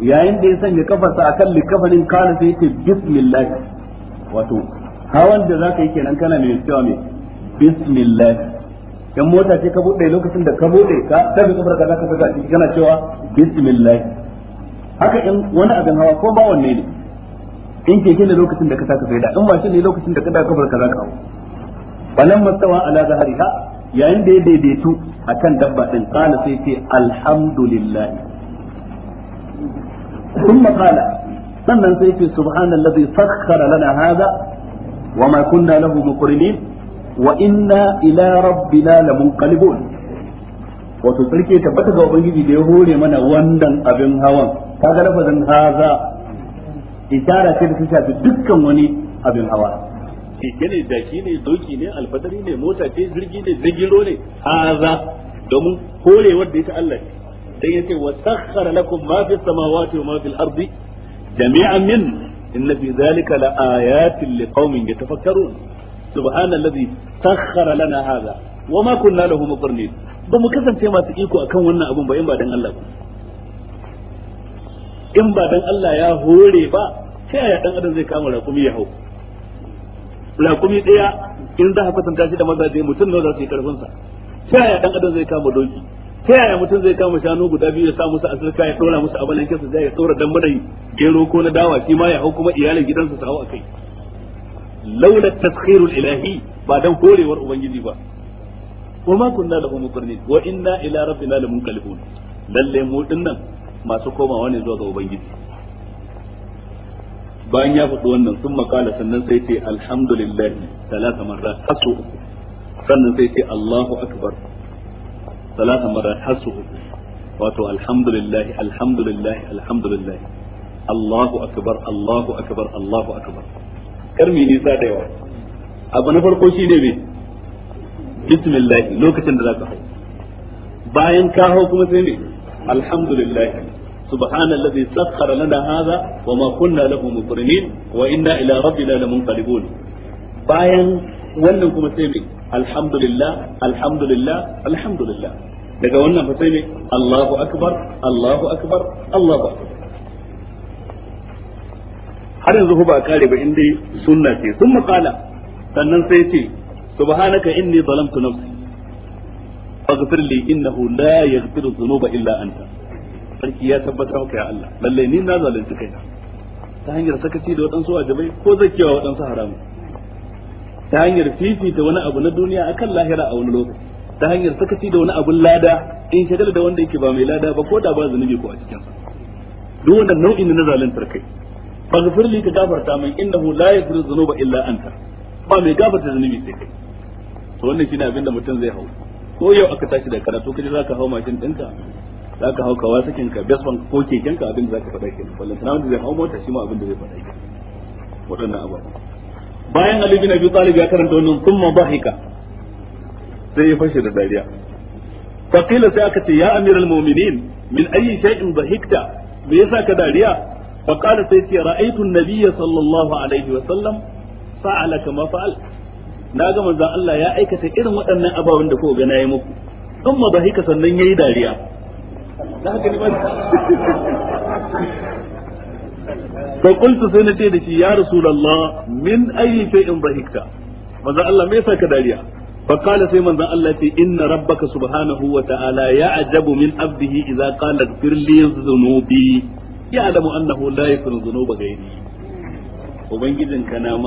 yayin da ya sanya kafarsa a kan likafarin kana sai yace bismillah wato hawan da zaka yi kenan kana mai cewa mai bismillah dan mota ce ka bude lokacin da ka bude ka tabi kafar ka zaka saka shi kana cewa bismillah haka in wani abin hawa ko ba wanne ne in keke ne lokacin da ka taka faida in shi ne lokacin da ka da kafar ka zaka hawo balan mastawa ala zahariha yayin da ya daidaitu akan dabba din kana sai ce alhamdulillah ثم قال sannan sai ce subhanallazi sakhkhara lana hadha wama kunna lahu muqrinin wa inna ila rabbina lamunqalibun wato sarki tabbata ga ubangiji da ya hore mana wannan abin hawan kaga lafazin haza isara ce da ta shafi dukkan wani abin hawa keke ne daki ne doki ne alfadari ne mota ce jirgi ne zagiro ne haza domin horewar da ita Allah ne sai yace wa sakhkhara lakum ma fis samawati wa ma fil ardi jami'an min inna fi dhalika la ayatin liqaumin yatafakkarun subhanallazi sakhkhara lana hadha wa ma kunna lahu muqrinin ba mu kasance masu iko akan wannan abun ba in ba dan Allah ba in ba dan Allah ya hore ba sai ya dan adam zai kama rakumi ya hau rakumi daya in za ka kwatanta shi da mazaje mutum ne za su yi karfin sa sai ya dan adam zai kama doki ta yaya mutum zai kama shanu guda biyu ya sa musu asirka ya dora musu abalan kisa zai ya tsora dan madai gero ko na dawa shi ma ya hau kuma iyalin gidansa su hau kai laula taskhirul ilahi ba dan horewar ubangiji ba wa ma kunna lahu muqrinin wa inna ila rabbina lamunqalibun lalle mu dinnan masu komawa ne zuwa ga ubangiji bayan ya faɗi wannan sun makala sannan sai ce alhamdulillah talata marra hasu sannan sai ce allahu akbar ثلاث مرات حسه واتو الحمد لله الحمد لله الحمد لله الله أكبر الله أكبر الله أكبر كرمي نيسا ديوا أبنى فرقو شيني بي بسم الله لوكة دلاك حي باين كاهو كما سيني الحمد لله سبحان الذي سخر لنا هذا وما كنا له مقرنين وإنا إلى ربنا لمنقلبون باين wannan kuma sai mai alhamdulillah alhamdulillah alhamdulillah daga wannan fa sai mai Allahu akbar Allahu akbar Allahu akbar har yanzu ba kare ba in dai sunna ce sun makala sannan sai ce subhanaka inni zalamtu nafsi faghfir li innahu la yaghfiru dhunuba illa anta sarki ya tabbata maka ya Allah lalle ni na zalunci kaina ta hanyar sakaci da waɗansu wajibai ko zakewa waɗansu haramu. ta hanyar fifita wani abu na duniya akan lahira a wani lokaci ta hanyar sakaci da wani abun lada in shagala da wanda yake ba mai lada ba ko da ba zunubi ko a cikin sa duk wannan nau'in na zaluntar kai faghfir li ka gafarta min innahu la yaghfiru dhunuba illa anta ba mai gafarta zunubi sai kai to wannan shine abin da mutum zai hau ko yau aka tashi da karatu kaje zaka hau mashin dinka zaka hau kawa sakin ka besban ko kekenka abin da zaka faɗa kenan wallahi na wanda zai hau mota shi ma abin da zai faɗa kenan waɗannan abubuwa bayan Ali bin Abi Talib ya karanta wannan thumma dhahika sai ya fashe da dariya fa sai aka ce ya amiral mu'minin min ayyi shay'in bahikta me yasa ka dariya fa qala sai ce ra'aytu an-nabiyya sallallahu alaihi wa sallam fa'ala kama fa'al na ga maza Allah ya aikata irin waɗannan ababen da kuka ga nayi muku thumma dhahika sannan yayi dariya da haka ne fa sai na ce da shi ya rasulullah min ayyi shay'in dhahikta manzo Allah me yasa ka dariya fa sai manzan Allah ce inna rabbaka subhanahu wa ta'ala ya'jabu min abdihi idza qala ighfir li dhunubi ya'lamu annahu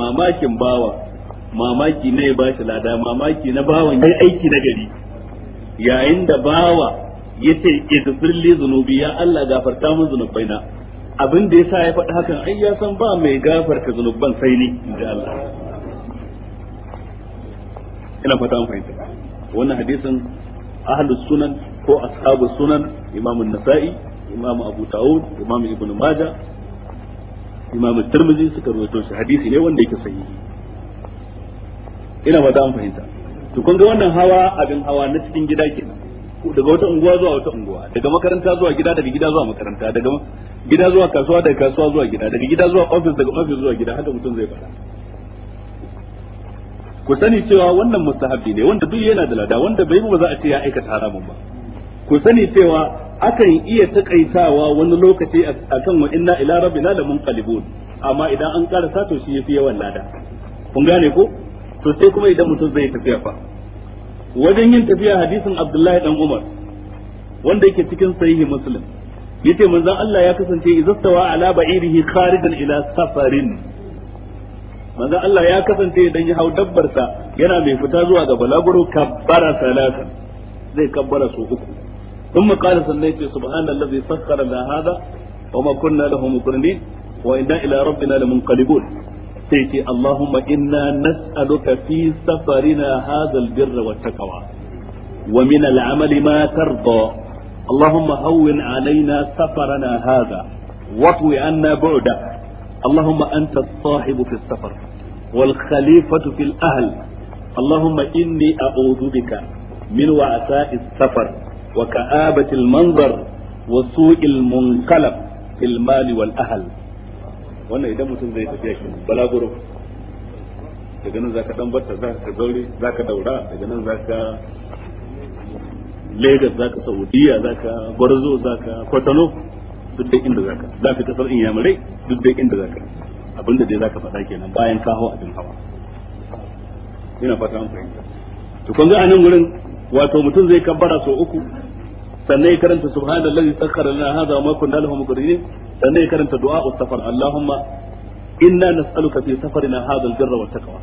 mamakin bawa mamaki ne ba lada mamaki na bawan yayi aiki na gari yayin da bawa yace ighfir li dhunubi ya Allah gafarta min na. abin da yasa ya faɗi hakan ai ya san ba mai gafarta zunuban sai ni da Allah ina fata an fahimta wannan hadisin ahlus sunan ko ashabus sunan imam an-nasa'i imam abu ta'ud imam ibn majah imam tirmidhi suka rawaito shi hadisi ne wanda yake sahihi ina fata an fahimta to kun ga wannan hawa abin hawa na cikin gida kenan daga wata unguwa zuwa wata unguwa daga makaranta zuwa gida daga gida zuwa makaranta daga gida zuwa kasuwa daga kasuwa zuwa gida daga gida zuwa office daga office zuwa gida haka mutum zai fara ku sani cewa wannan mustahabi ne wanda duk yana da lada wanda bai ba za a ce ya aikata haramun ba ku sani cewa akan iya takaitawa wani lokaci akan wa inna ila rabbina la munqalibun amma idan an karasa to shi yafi yawan lada kun gane ko to sai kuma idan mutum zai tafiya fa wajen yin tafiya hadisin Abdullahi dan Umar wanda yake cikin sahihi Muslim yace manzon Allah ya kasance izastawa ala ba'irihi kharijan ila safarin manzon Allah ya kasance idan ya hau dabbarsa yana mai fita zuwa ga balaguro kabbara salatan zai kabbara su uku ثم قال صلى سبحان الذي سخر لنا هذا وما كنا له مقرنين وإنا إلى ربنا لمنقلبون sai اللهم إنا نسألك في سفرنا هذا البر albirra ومن العمل ما ترضى اللهم هون علينا سفرنا هذا واطو عنا بعده اللهم أنت الصاحب في السفر والخليفة في الأهل اللهم إني أعوذ بك من وعثاء السفر وكآبة المنظر وسوء المنقلب في المال والأهل wannan idan mutum zai tafiya shi balaguro daga nan zaka dan barta zaka zaure zaka daura daga nan zaka Lagos zaka Saudiya zaka Gwarzo zaka Kwatano duk dai inda zaka zaka kasar Inyamurai duk dai inda zaka abinda dai zaka faɗa kenan bayan ka a abin hawa ina fata an fahimta to kun ga anan gurin wato mutum zai kabbara so uku sannan ya karanta subhanallazi sakhkhara lana hadha wa ma kunna lahu muqrinin sannan ya karanta du'a safar Allahumma inna nas'aluka fi safarina hadha al-birra wa taqwa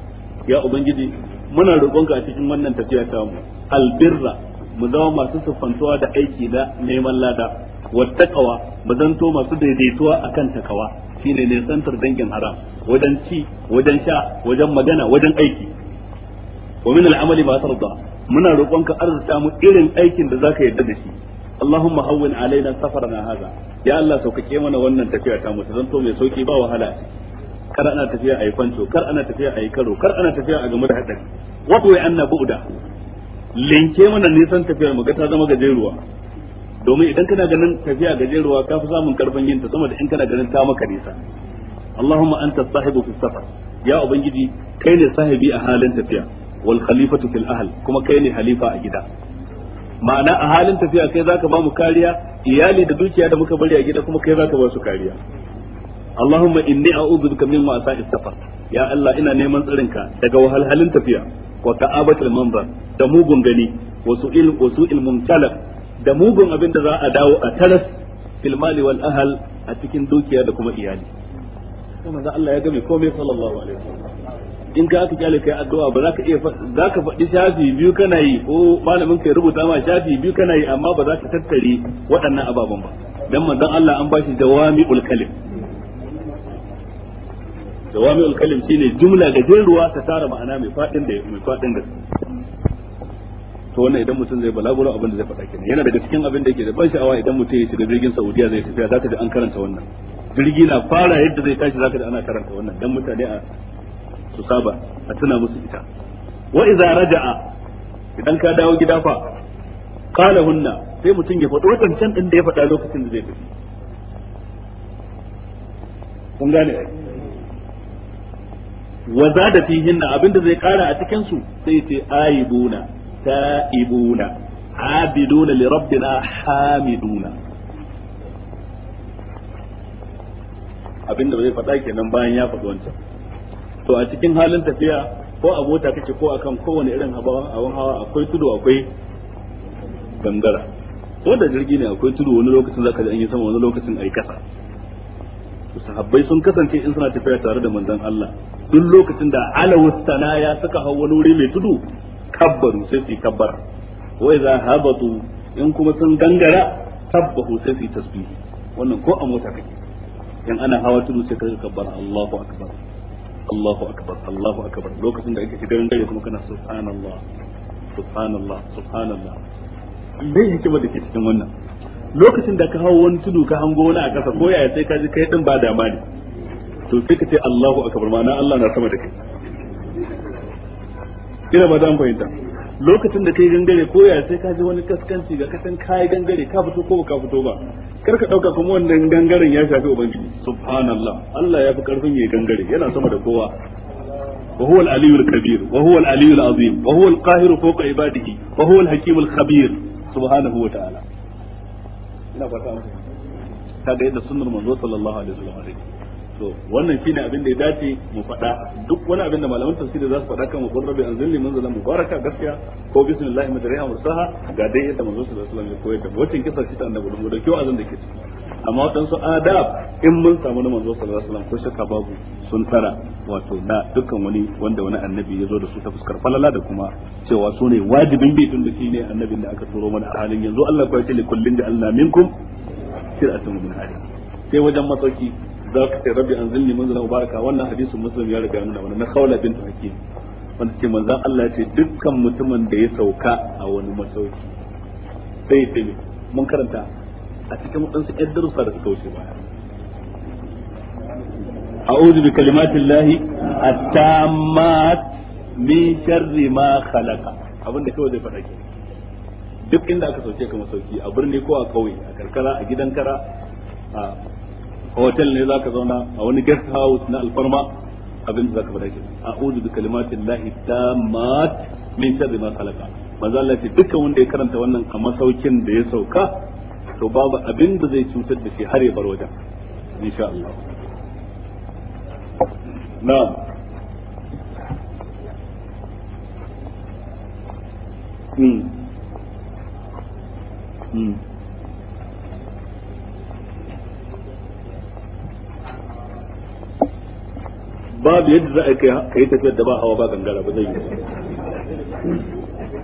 ya ubangiji muna roƙonka a cikin wannan tafiya ta mu albirra mu zama masu sufantuwa da aiki da neman lada wa taqwa mu zanto masu daidaituwa akan takawa shine ne santar dangin haram wajen ci wajen sha wajen magana wajen aiki wa min al-amali ma tarda muna roƙonka arzuta mu irin aikin da zaka yarda da shi اللهم هون علينا سفرنا هذا ya Allah saukake mana wannan tafiya ta mu zanto mai sauki ba wahala kar ana tafiya a yi kwanto kar ana tafiya a yi karo kar ana tafiya a game da hadari wato ya anna bu'da linke mana nisan tafiyar mu ga ta zama gajeruwa domin idan kana ganin tafiya gajeruwa ka fi samun karfin yin ta sama da in kana ganin ta maka nisa Allahumma anta sahibu fi safar ya ubangiji kai ne sahibi a halin tafiya wal khalifatu fil ahl kuma kai ne halifa a gida ma'ana a halin tafiya kai zaka ba mu kariya iyali da dukiya da muka bari a gida kuma kai zaka ba su kariya Allahumma inni a'udhu bika min ma'asa'is safar ya Allah ina neman tsirinka daga wahalhalin tafiya wa ka'abatul manzar da mugun gani wa su'il wa su'il da mugun abin da za a dawo a taras fil mali wal ahl a cikin dukiya da kuma iyali kuma da Allah ya komai sallallahu alaihi wasallam in ka aka kyale kai addu'a ba za ka iya za ka faɗi shafi biyu kana yi ko malamin kai rubuta ma shafi biyu kana yi amma ba za ka tattare waɗannan ababen ba dan manzon Allah an bashi dawami'ul kalim dawami'ul kalim shine jumla da ruwa ta tara ma'ana mai fadin da mai fadin da to wannan idan mutum zai balaguro abin da zai faɗa kenan yana daga cikin abin da yake da ban sha'awa idan mutum ya shiga jirgin Saudiya zai tafiya zaka ji an karanta wannan jirgi na fara yadda zai tashi zaka ji ana karanta wannan dan mutane a su saba a tuna musu ita wa idza raja'a idan ka dawo gida fa qala hunna sai mutum ya faɗo wadancan din da ya faɗa lokacin da zai tafi kun gane wa zada fihinna abinda zai kara a cikin su sai ce aibuna taibuna abiduna li rabbina hamiduna abinda ba zai faɗa kenan bayan ya faɗi wancan to a cikin halin tafiya ko a mota kake ko akan kowane irin hawan hawa akwai tudu akwai gangara ko da jirgi ne akwai tudu wani lokacin zaka ji an yi sama wani lokacin ai kasa sahabbai sun kasance in suna tafiya tare da manzon Allah duk lokacin da alawus ya suka hau wani wuri mai tudu kabbaru sai su kabbara wa idza habatu in kuma sun gangara tabbahu sai su tasbihi wannan ko a mota kake in ana hawa tudu sai ka kabbara Allahu akbar Allahu akbar Allahu akbar lokacin da ake shigarin dare kuma kana subhanallah subhanallah subhanallah me hikima da ke cikin wannan lokacin da ka hawo wani tudu ka hango wani a ƙasa ko yaya sai ka ji kai din ba dama ne to sai ka ce Allahu akbar ma'ana Allah na sama da kai ina ba da dan fahimta lokacin da kai gangare ko ya sai ka ji wani kaskanci ga kasan kai gangare ka fito ko ka fito ba kar ka dauka kuma wannan gangaren ya shafi ubangiji subhanallah Allah ya fi karfin yayin gangare yana sama da kowa Kabir, wa huwa al-qahiru fawqa ibadihi wa huwa al-hakim al-khabir Subhanahu wa ta'ala. ina fata ga yadda sunnar manzo sallallahu alaihi wasallam to wannan shine abin da ya dace mu faɗa duk wani abin da malaman tafsiri za su faɗa kan mabun rabbi anzilni munzalan mubaraka gaskiya ko bismillah madriha mursaha ga dai yadda manzo sallallahu alaihi wasallam ya koyar da wacin kisa shi ta annabi mu da kyau azan da ke ciki amma waɗansu adab in mun samu na manzo sallallahu alaihi wasallam ko shakka babu sun tara wato na dukkan wani wanda wani annabi ya zo da su ta fuskar falala da kuma cewa su ne wajibin bi tun da shi ne annabin da aka turo mana a halin yanzu Allah ya ce likullin da Allah minkum sir'atun min hali sai wajen masauki za ka ce rabbi anzilni munzila mubaraka wannan hadisin muslim ya riga ya nuna na khawla bint hakim wanda ce manzon Allah ya ce dukkan mutumin da ya sauka a wani masauki sai ya mun karanta a cikin wadansu ƴan darussa da suka wuce baya أعوذ بكلمات الله التامات من شر ما خلق abin da kawai zai faɗa ke duk inda aka sauke ka masauki a birni ko a ƙauye a karkara a gidan kara a hotel ne zaka zauna a wani guest house na alfarma abin da zaka faɗa a'udhu bi kalimatin lahi tammat min sharri ma khalaqa manzo Allah dukkan wanda ya karanta wannan a masaukin da ya sauka to babu abin da zai cutar da shi har ya bar wajen insha Allah na'am Mm. Mm. babu yadda za a kai tafiyar da ba hawa ba gangara ba zai yi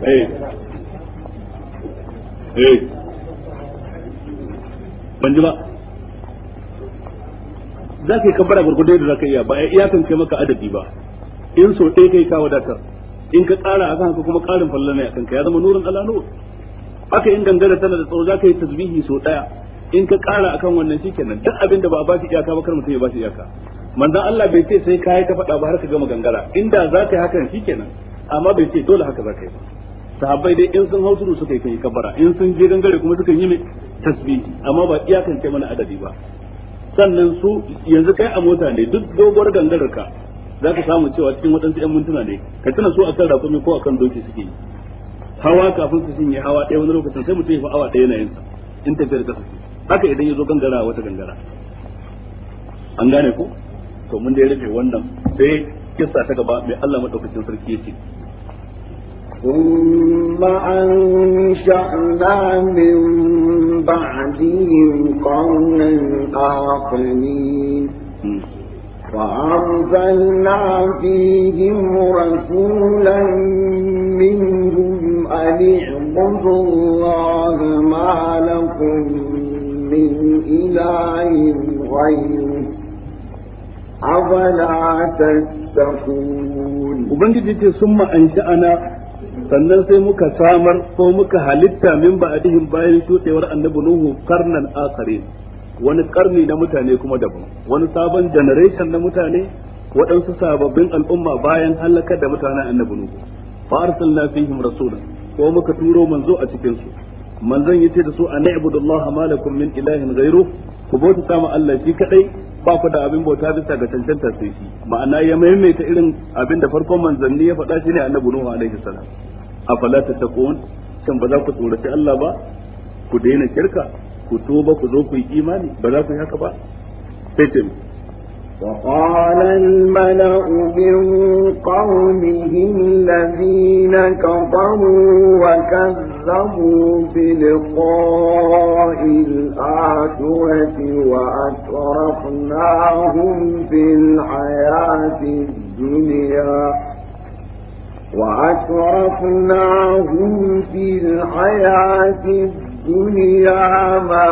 eh eh ban ji ba za ka yi kabbara gurgudu yadda za ka iya ba a iyakance maka adadi ba in so ɗaya kai ka wadatar in ka tsara kan haka kuma ƙarin falla ne akan ka ya zama nurin ala nur haka in gangara tana da tsaro za ka yi tasbihi so ɗaya in ka ƙara akan wannan kenan duk abin da ba a ba shi iyaka ba kar mutum ya ba shi iyaka manzon Allah bai ce sai kai ka faɗa ba har ka gama gangara inda za ka yi hakan shikenan amma bai ce dole haka za ka yi ba sahabbai dai in sun hau suka yi kai kabara in sun je gangare kuma suka yi mai tasbihi amma ba iyakan ce mana adadi ba sannan su yanzu kai a mota ne duk doguwar gangarar ka za ka samu cewa cikin waɗansu 'yan mintuna ne ka tuna su akan rakumi ko a kan doki suke yi hawa kafin su shinye hawa ɗaya wani lokacin sai mutum ya fi awa ɗaya na yin in tafiyar ta haka idan ya zo gangara wata gangara an gane ko to mun da ya rufe wannan sai kissa ta gaba mai Allah madaukakin sarki yake ثم أنشأنا من بعدهم قوما آخرين فأرسلنا فيهم رسولا منهم أن اعبدوا الله ما لكم من إله غيره ubangiji تتقون sun تي ana sannan sai muka samar ko muka halitta min dihin bayan shuɗewar annabi nuhu karnan akharin wani karni na mutane kuma daban wani sabon generation na mutane waɗansu sababbin al'umma bayan halakar da mutanen annabi nuhu fa arsalna fihim rasulan ko muka turo manzo a cikin su manzon yace da su ana ibudullah malakum min ilahin ghairu ku bauta sama Allah shi kadai ba ku da abin bauta bisa ga cancanta sai shi ma'ana ya maimaita irin abin da farkon manzanni ya faɗa shine annabi nuhu alaihi salam afala tattaqun kan ba za ku tsoraci Allah ba ku daina kirka ku toba ku zo ku yi imani ba za ku yi haka ba sai ce وقال الملأ من قومه الذين كفروا وكذبوا كذبوا بلقاء الآخرة وأترفناهم في الحياة الدنيا وأترفناهم في الحياة الدنيا ما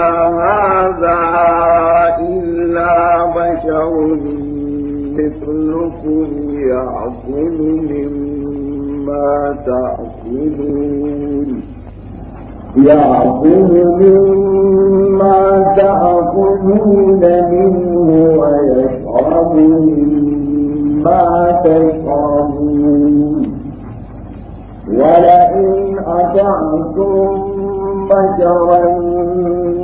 هذا إلا بشر مثلكم يعقل مما تأكلون يأخذ مما تأخذون منه ويشرب مما تشربون ولئن أطعتم بشرا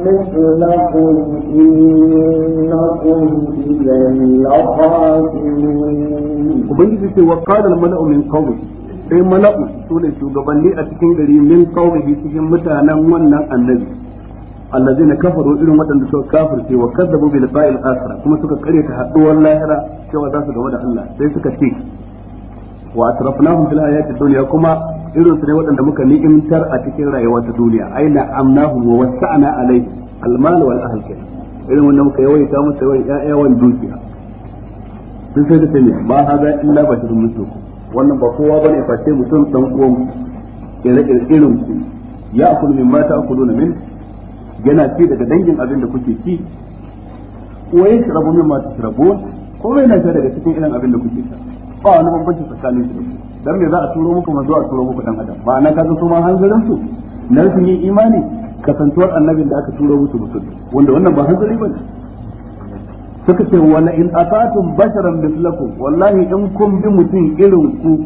مثلكم إنكم إذا لخاسرون وبين وقال الملأ من قومه sai mala'u su ne shugabanni a cikin gari min qaumihi cikin mutanen wannan annabi allazina kafaru irin waɗanda suka kafirce wa kada kadzabu bil fa'il akhir kuma suka kare ta haduwar lahira cewa za su gaba da Allah sai suka ce wa atrafnahum fil hayati dunya kuma irin su ne waɗanda muka ni'imtar a cikin rayuwa ta duniya na amnahum wa wasa'na alai al mal wal ahl kai irin wanda muka yawaita musu yawan ƴaƴa wan dukiya sun sai da ne ba haza illa basharun mutuku wannan ba kowa ne face mutum dan uwan irin ku ya akulu min mata na min yana ci daga dangin abin da kuke ci wa shirabu min mata shirabu ko na sha daga cikin irin abin da kuke ci ba wani bambanci tsakanin su dan me za a turo muku manzo a turo muku dan adam ba na kaga su ma hanzarin su na rashin yin imani kasantuwar annabin da aka turo musu musulmi wanda wannan ba hanzari bane suka ce wala in atatum basharan mislakum wallahi in kun bi mutum irin ku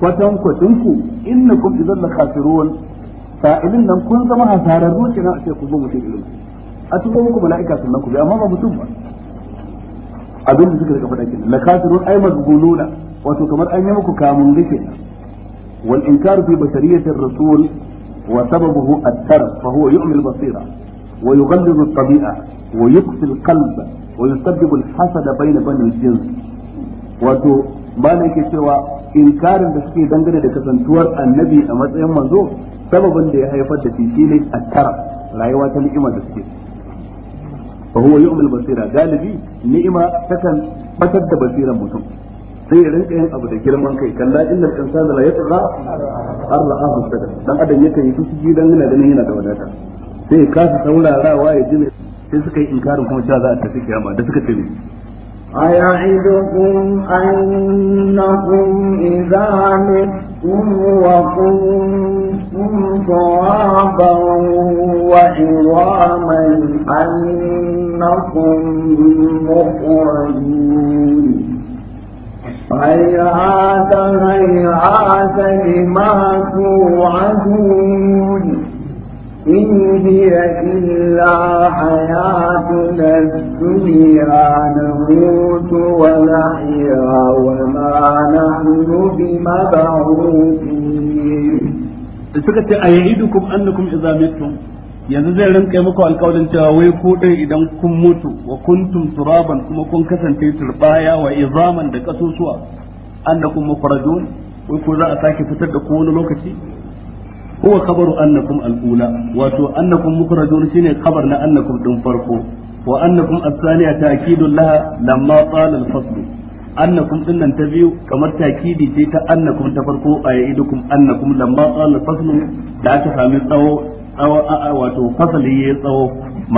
kwatan kwatin ku innakum idan la khasirun sa'ilin nan kun zama ce ku bi mutum irin a mala'ika ku bi amma ba mutum ba abin da suka daga faɗa kenan la khasirun ay wato kamar an yi muku kamun gace wal inkaru fi rasul wa sababuhu at-tarf fa huwa yu'mil basira ويغلظ الطبيعة ويقسي القلب ويسبب الحسد بين بني الجنس wato ba na yake cewa inkarin da suke dangane da kasantuwar annabi a matsayin manzo sababin da ya haifar da shi ne a tara rayuwa ta ni'ima da suke fa huwa yu'mil basira galibi ni'ima takan batar da basiran mutum sai ya rinka yin abu da girman kai kalla innal insana la yatgha ar ra'ahu dan adam yake yi fushi dan yana da yana da wadata sai ya kasa saurarawa ya jini sai suka yi inkarin kuma cewa za a tafi kiyama da suka ce ne أيعدكم أنكم إذا متم وكنتم ترابا وعظاما أنكم مخرجون هيهات هيهات لما توعدون إن هي إلا حياتنا الدنيا نموت ونحيا وما نحن بمبعوثين suka ce a ya'idukum annakum idza mittum yanzu zai rinka muku alƙawarin cewa wai ku dai idan kun mutu wa kuntum turaban kuma kun kasance turbaya wa izaman da kasusuwa annakum mukhrajun wai ku za a sake fitar da ku wani lokaci huwa kabaru annakum al-ula wato annakum mukhrajun shine kabar na annakum din farko wa annakum as-thaniya ta'kidun laha lamma qala al-fasl annakum din nan ta biyu kamar ta'kidi ce ta annakum ta farko ayyidukum annakum lamma qala al-fasl da aka sami tsawo tsawo wato fasali ya tsawo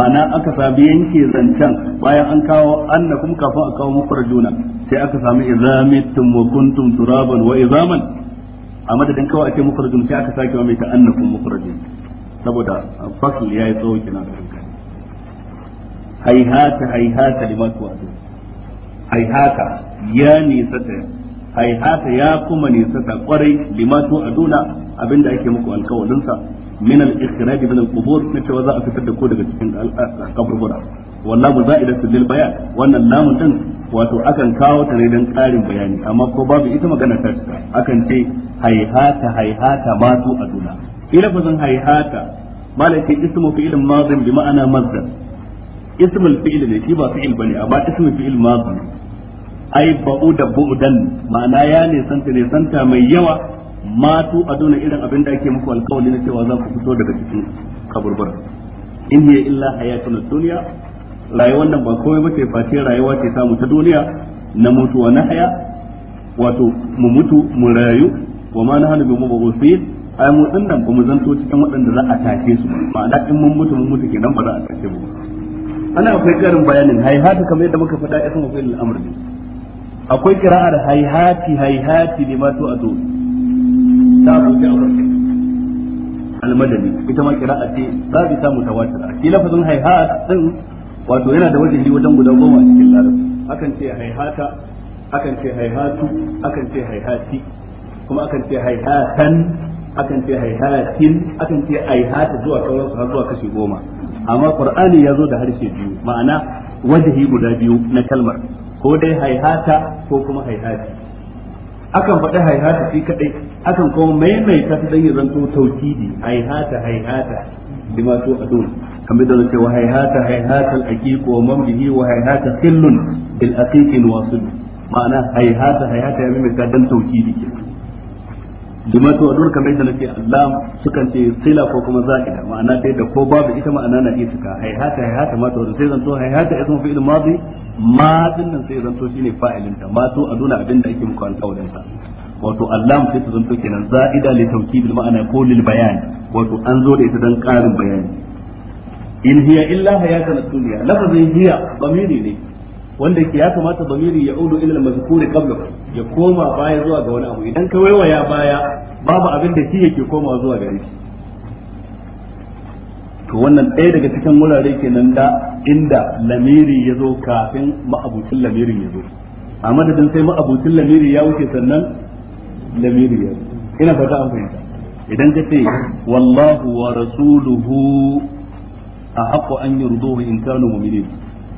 ma'ana aka sami yanke zancen bayan an kawo annakum kafin a kawo mukhrajuna sai aka sami izamittum wa kuntum turaban wa izaman a madadin kawai ake mukhrajin sai aka sake wa mai ta'annafun mukhrajin saboda fasl yayi tsawo kenan haihata haihata limatu wa haihata ya nisata haihata ya kuma nisata kwarai limatu aduna abinda ake muku alkawalinsa min al-ikhraj min al-qubur na cewa za a fitar da ko daga cikin kaburbura wallahu za'idatu lil bayan wannan lamun din wato akan kawo ta ne dan karin bayani amma ko babu ita magana ta akan ce hayhata hayhata matu aduna ila fazan hayhata malaka ismu fi'lin madin bi ma'ana mazdar ismul fi'l ne shi ba fi'il bane amma ismul fi'il ai ba'u da ma'ana ya ne santa ne santa mai yawa matu a aduna irin abin da ake muku alkawali na cewa za ku fito daga cikin kaburbar in hiya illa hayatun duniya rayuwar nan ba komai ba ce face rayuwa ce samu ta duniya na mutuwa na haya wato mu mutu mu rayu wa ma nahnu bi mabghusin ai mu din nan ba mu zanto cikin waɗanda za a tace su ma'ana in mun mutu mun mutu kenan ba za a tace mu ana akwai karin bayanin haihata kamar yadda muka faɗa ya wa fi'il al'amr akwai kira'ar haihati haihati ne ma to a zo ta abu ja'far al-madani ita ma kira'a ce sabita mutawatira shi lafazin hayhat din wato yana da wajen yi wajen guda goma a cikin larabci akan ce hayhata akan ce hayhatu akan ce hayhati kuma akan ce hayhatan akan ce hayhatin akan ce hayhata zuwa sauransu har zuwa kashi goma amma qur'ani ya zo da harshe biyu ma'ana wajibi guda biyu na kalmar ko dai hayhata ko kuma hayhati akan faɗi haihata shi kadai akan kuma maimaita ta dan ya zanto tauhidi haihata haihata bima to adun kamar da zai wa haihata haihata al-aqiq wa man wa haihata khillun bil aqiq wasil ma'ana haihata haihata ya maimaita dan tauhidi kenan bima to adun kamar yadda nake allam sukan ce sila ko kuma za'ida ma'ana dai da ko babu ita ma'ana na iya suka hay hata hay hata ma to sai zanto hay hata ismu fi'il madi ma din nan sai zanto shine fa'ilin ta ma to aduna abin da ake muku alƙawarin sa wato allam sai zan zanto kenan za'ida li tawkidil ma'ana ko lil bayan wato an zo da ita dan ƙarin bayani in hiya illa hayatan dunya lafazin hiya bamiri ne wanda ke ya kamata bamiri ya udu ila al-mazkuri qablahu ya koma baya zuwa ga wani abu idan ka waiwaya baya babu abin da shi yake koma zuwa gare shi to wannan ɗaya daga cikin wurare kenan da inda lamiri ya zo kafin ma'abucin lamirin ya zo a madadin sai ma'abucin lamiri ya wuce sannan lamiri ya zo ina fata an fahimta idan ka ce wallahu wa rasuluhu a haƙo an yi in kanu mu'minin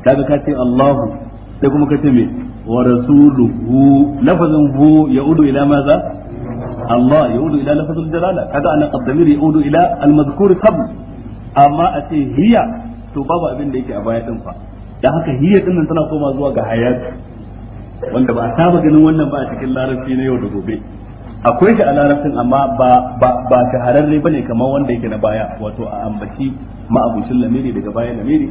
kaga ka ce allahu sai kuma kace me wa rasuluhu lafazin hu yaudu ila maza Allah yaudu ila lafazin jalala kaga anan qaddamir ya yaudu ila al qabl amma a ce hiya to babu abin da yake a baya din fa dan haka hiya din nan tana koma zuwa ga hayat wanda ba a saba ganin wannan ba a cikin larabci na yau da gobe akwai shi a larabcin amma ba ba ba shahararre bane kamar wanda yake na baya wato a ambaci ma'abucin lamiri daga bayan lamiri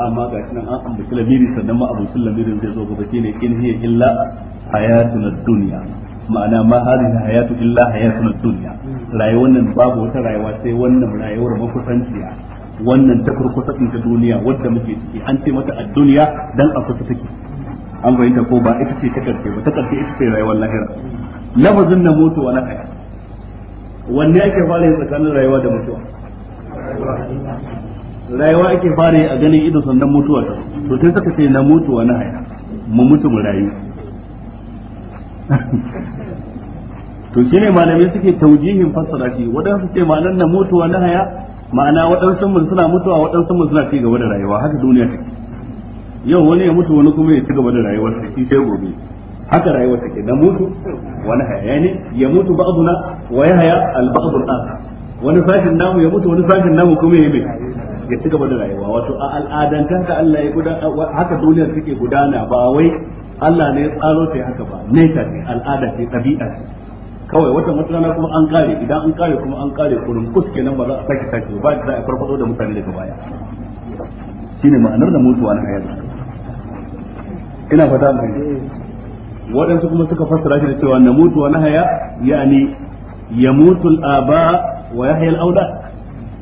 amma ga shi nan an ambaci lamiri sannan ma abu sun lamirin zai zo gobe shine in hiya illa hayatun dunya ma'ana ma hadhihi hayatu illa hayatun dunya rayuwar nan babu wata rayuwa sai wannan rayuwar makusanciya wannan ta kurkusa ta duniya wadda muke ciki an ce mata a duniya dan a kusa take an fahimta ko ba ita ce ta karshe ba ta karshe ita ce rayuwar lahira lafazin na mutu wa lahira wanne ake fara yin tsakanin rayuwa da mutuwa rayuwa ake fara yi a ganin ido sannan mutuwa ta to sai suka ce na mutuwa na haya mu mutu mu rayu to shi ne malamai suke taujihin fassara shi waɗansu ce ma'anar na mutuwa na haya ma'ana waɗansu mun suna mutuwa waɗansu mun suna ci gaba da rayuwa haka duniya take yau wani ya mutu wani kuma ya ci gaba da rayuwa ta shi sai gobe haka rayuwa take na mutu wani haya yani ya mutu ba'duna wa yahya al-ba'd al-akhar wani sashin namu ya mutu wani sashin namu kuma ya yi ya ci gaba da rayuwa wato a al'adantar da Allah ya gudana haka duniyar take gudana ba wai Allah ne ya tsaro ta haka ba nature ce al'ada ce ɗabi'a kawai wata kuma an kare idan an kare kuma an kare kurum ba za a sake sake ba da za a farfado da mutane daga baya shine ma'anar da mutuwa na hayar ina fata mai waɗansu kuma suka fassara shi da cewa na mutuwa na haya yani yamutul aba wa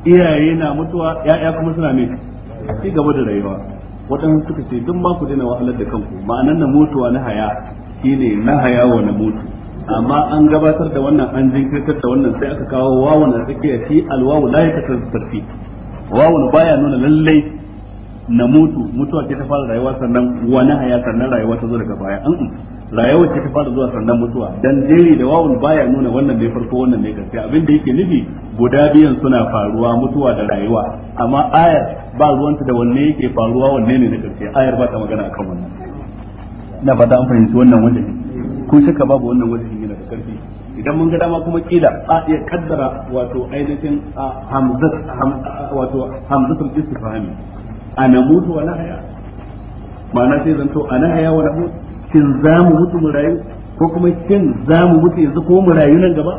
iyaye na mutuwa ya'ya kuma suna mai ci gaba da rayuwa waɗanda suka ce duk ma ku daina wahalar da kanku ma'anan na mutuwa na haya shine na haya wa na mutu amma an gabatar da wannan an jinkirtar da wannan sai aka kawo wawan a tsakiya shi alwawu la ya kasar tarfi wawan baya nuna lallai na mutu mutuwa ce ta fara rayuwa sannan wani haya sannan rayuwa ta zo daga baya an rayuwa ce ta fara zuwa sannan mutuwa dan jeri da wawun baya nuna wannan ne farko wannan ne gaskiya abin da yake nufi guda biyan suna faruwa mutuwa da rayuwa amma ayar ba ruwanta da wanne yake faruwa wanne ne na gaskiya ayar ba ta magana akan wannan na fata an fahimci wannan wajen ko shakka babu wannan wajen yana da karfi idan mun ga dama kuma kila a iya kaddara wato ainihin hamzat wato hamzatul istifhami ana mutu wa nahaya ma'ana sai zanto ana haya wa nahu shin za mu mutu mu rayu ko kuma shin za mu mutu yanzu ko mu rayu nan gaba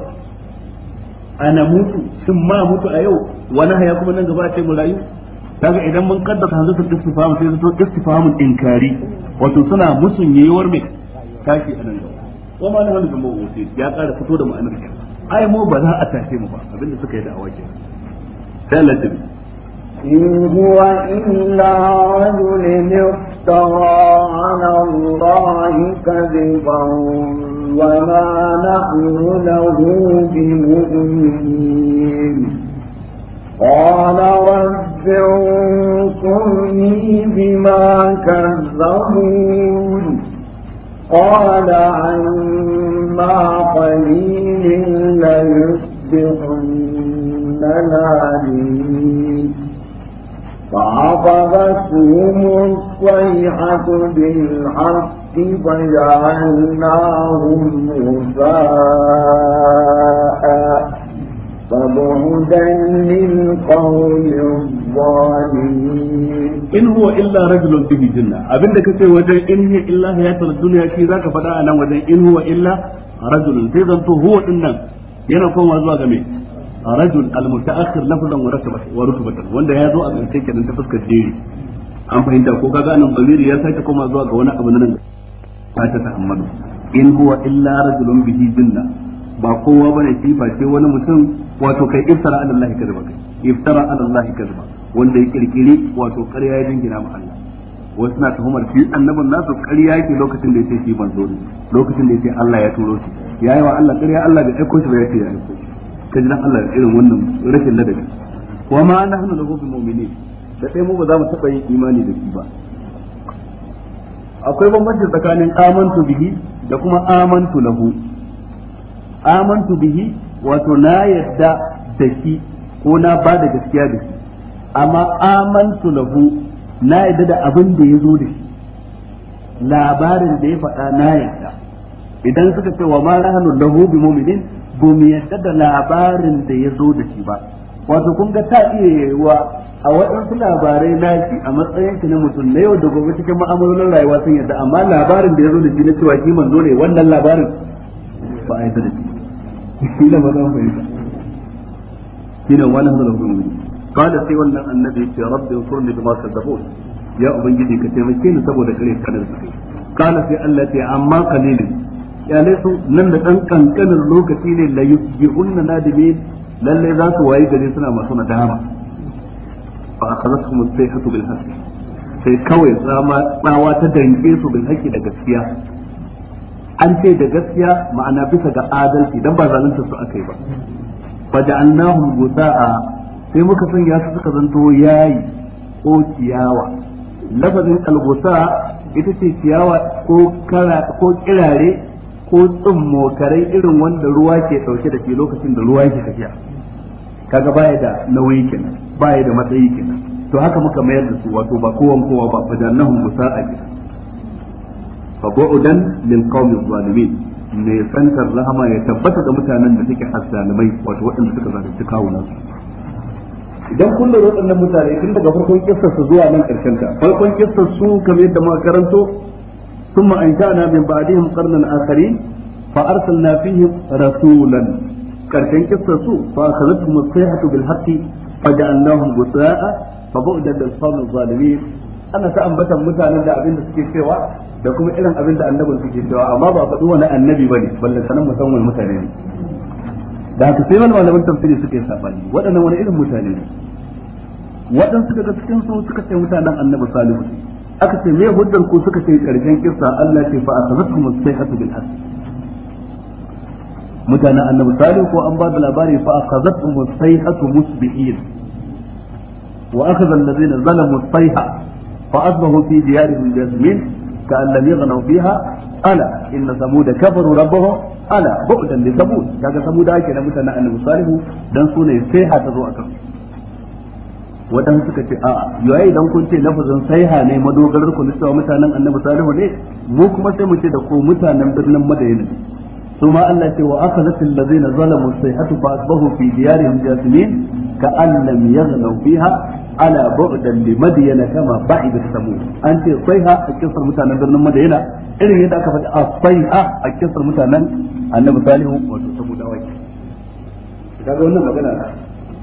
ana mutu shin ma mutu a yau wa nahaya kuma nan gaba sai mu rayu daga idan mun kaddasa hanzatul istifham sai zanto istifhamul inkari wato suna musun yayyawar mai tashi a nan gaba ko ma nan da mu ya kara fito da ma'anar ai mu ba za a tashe mu ba abinda suka yi da awaki sai Allah إن هو إلا رجل افترى على الله كذبا وما نحن له بمؤمنين قال رب انصرني بما كذبون قال عما قليل ليصبحن نادمين فعبرتهم الصيحة بالحق فجعلناهم غثاء فبعدا للقول in huwa illa rajulun fi jinna abinda kace wajen in hi illa ya tsara duniya shi zaka a nan wajen in huwa illa rajulun sai zanto huwa din nan yana komawa zuwa ga me rajul al-mutaakhir lafzan wa rutbatan wa rutbatan wanda ya zo a ƙarshe kenan ta fuskar jeri an fahimta ko kaga nan bamiri ya sake koma zuwa ga wani abu nan ta ta Muhammadu in huwa illa rajulun bihi jinna ba kowa bane sifa ce wani mutum wato kai iftara ala Allah kadaba kai iftara ala Allah kadaba wanda ya kirkiri wato ƙarya ya dingina ma Allah wasu na tuhumar shi annabin nasu ƙarya yake lokacin da ya ce shi ban zo lokacin da ya ce Allah ya turo shi yayi wa Allah ƙarya Allah bai aiko shi ba ya ce ya aiko shi ka ji dan Allah irin wannan rashin ladabi wa ma nahnu lahu bil mu'minin da sai mu ba za mu taba yin imani da shi ba akwai bambanci tsakanin amantu bihi da kuma amantu lahu amantu bihi wato na yadda da shi ko na ba da gaskiya da shi amma amantu lahu na yadda da abin da ya zo da shi labarin da ya faɗa na yadda idan suka ce wa ma nahnu lahu bi mu'minin ba mu yadda da labarin da ya zo da shi ba wato kun ga ta iya yiwuwa a waɗansu labarai na shi a matsayin shi na mutum na yau da gobe cikin ma'amalolin rayuwa sun yadda amma labarin da ya zo da shi na cewa shi manzo ne wannan labarin ba a yadda da shi shi da mazan fahimta shi da wani hanzar hudu قال sai wannan annabi ce rabbi usurni bima kazzabun ya ubangiji ka taimake ni saboda kare kanar su kai قال sai Allah ce amma qalilin kyale su nan da ɗan kankanin lokaci ne la na nadimin lalle za su wayi gari suna masu nadama ba a kaza su as-sayhatu bil haqq sai kawai zama tsawa ta danke su bil da gaskiya an ce da gaskiya ma'ana bisa ga adalci dan ba zalunta su aka yi ba fa ja'alnahum a sai muka sanya su suka zanto yayi ko ciyawa lafazin al ita ce ciyawa ko kara ko kirare ko tsummokarai irin wanda ruwa ke dauke da shi lokacin da ruwa yake tafiya kaga baya da nauyi kenan baya da matsayi kenan to haka muka mayar da su wato ba kowan kowa ba jannahum musa'ati fa bu'dan lil qawmi zalimin ne santar rahama ya tabbata ga mutanen da suke hasalmai wato waɗanda suka ci kawo su idan kun lura waɗannan mutane tun daga farkon kissar su zuwa nan karshen ta farkon kissar su kamar yadda muka karanto ثم أنشأنا من بعدهم قرنا آخرين فأرسلنا فيهم رسولا كرتين كسسو فأخذتهم الصيحة بالحق فجعلناهم غثاء فبعدا للقوم الظالمين أنا سأنبتا متانا دا أبين سكي سوا da kuma irin abin da annabin suke cewa amma ba faɗi wani annabi bane balle sanan musamman mutane ne da haka sai wani malaman tafsiri suke sabani waɗannan wani irin mutane ne waɗansu daga cikin su suka ce mutanen annabi salihu ne aka ce me huddar ku suka ce karshen kissa Allah ce fa asabatkum as-sayhatu bil hasb mutanen annabi salihu ko an ba da labari fa akhadhatuhum as-sayhatu musbihin wa akhadha alladhina zalamu as-sayha fa asbahu fi diyarihim jazmin ka'an lam yaghnaw fiha ala inna samud kafaru rabbahum ala bu'dan li samud kaga samud ake na mutanen annabi salihu dan sune sayha ta zo a su wadan suka ce a'a yayi idan kun ce lafazin saiha ne madogarar ku ne cewa mutanen annabi salihu ne mu kuma sai mu ce da ko mutanen birnin madina su ma Allah ce wa akhadhat allazina zalamu sayhatu fa asbahu fi diyarihim jasimin ka an lam yaghnaw fiha ala bu'dan li madyana kama ba'ida samu an ce saiha a kisar mutanen birnin madina irin yadda aka faɗi a saiha a kisar mutanen annabi salihu wato saboda wake kaga wannan magana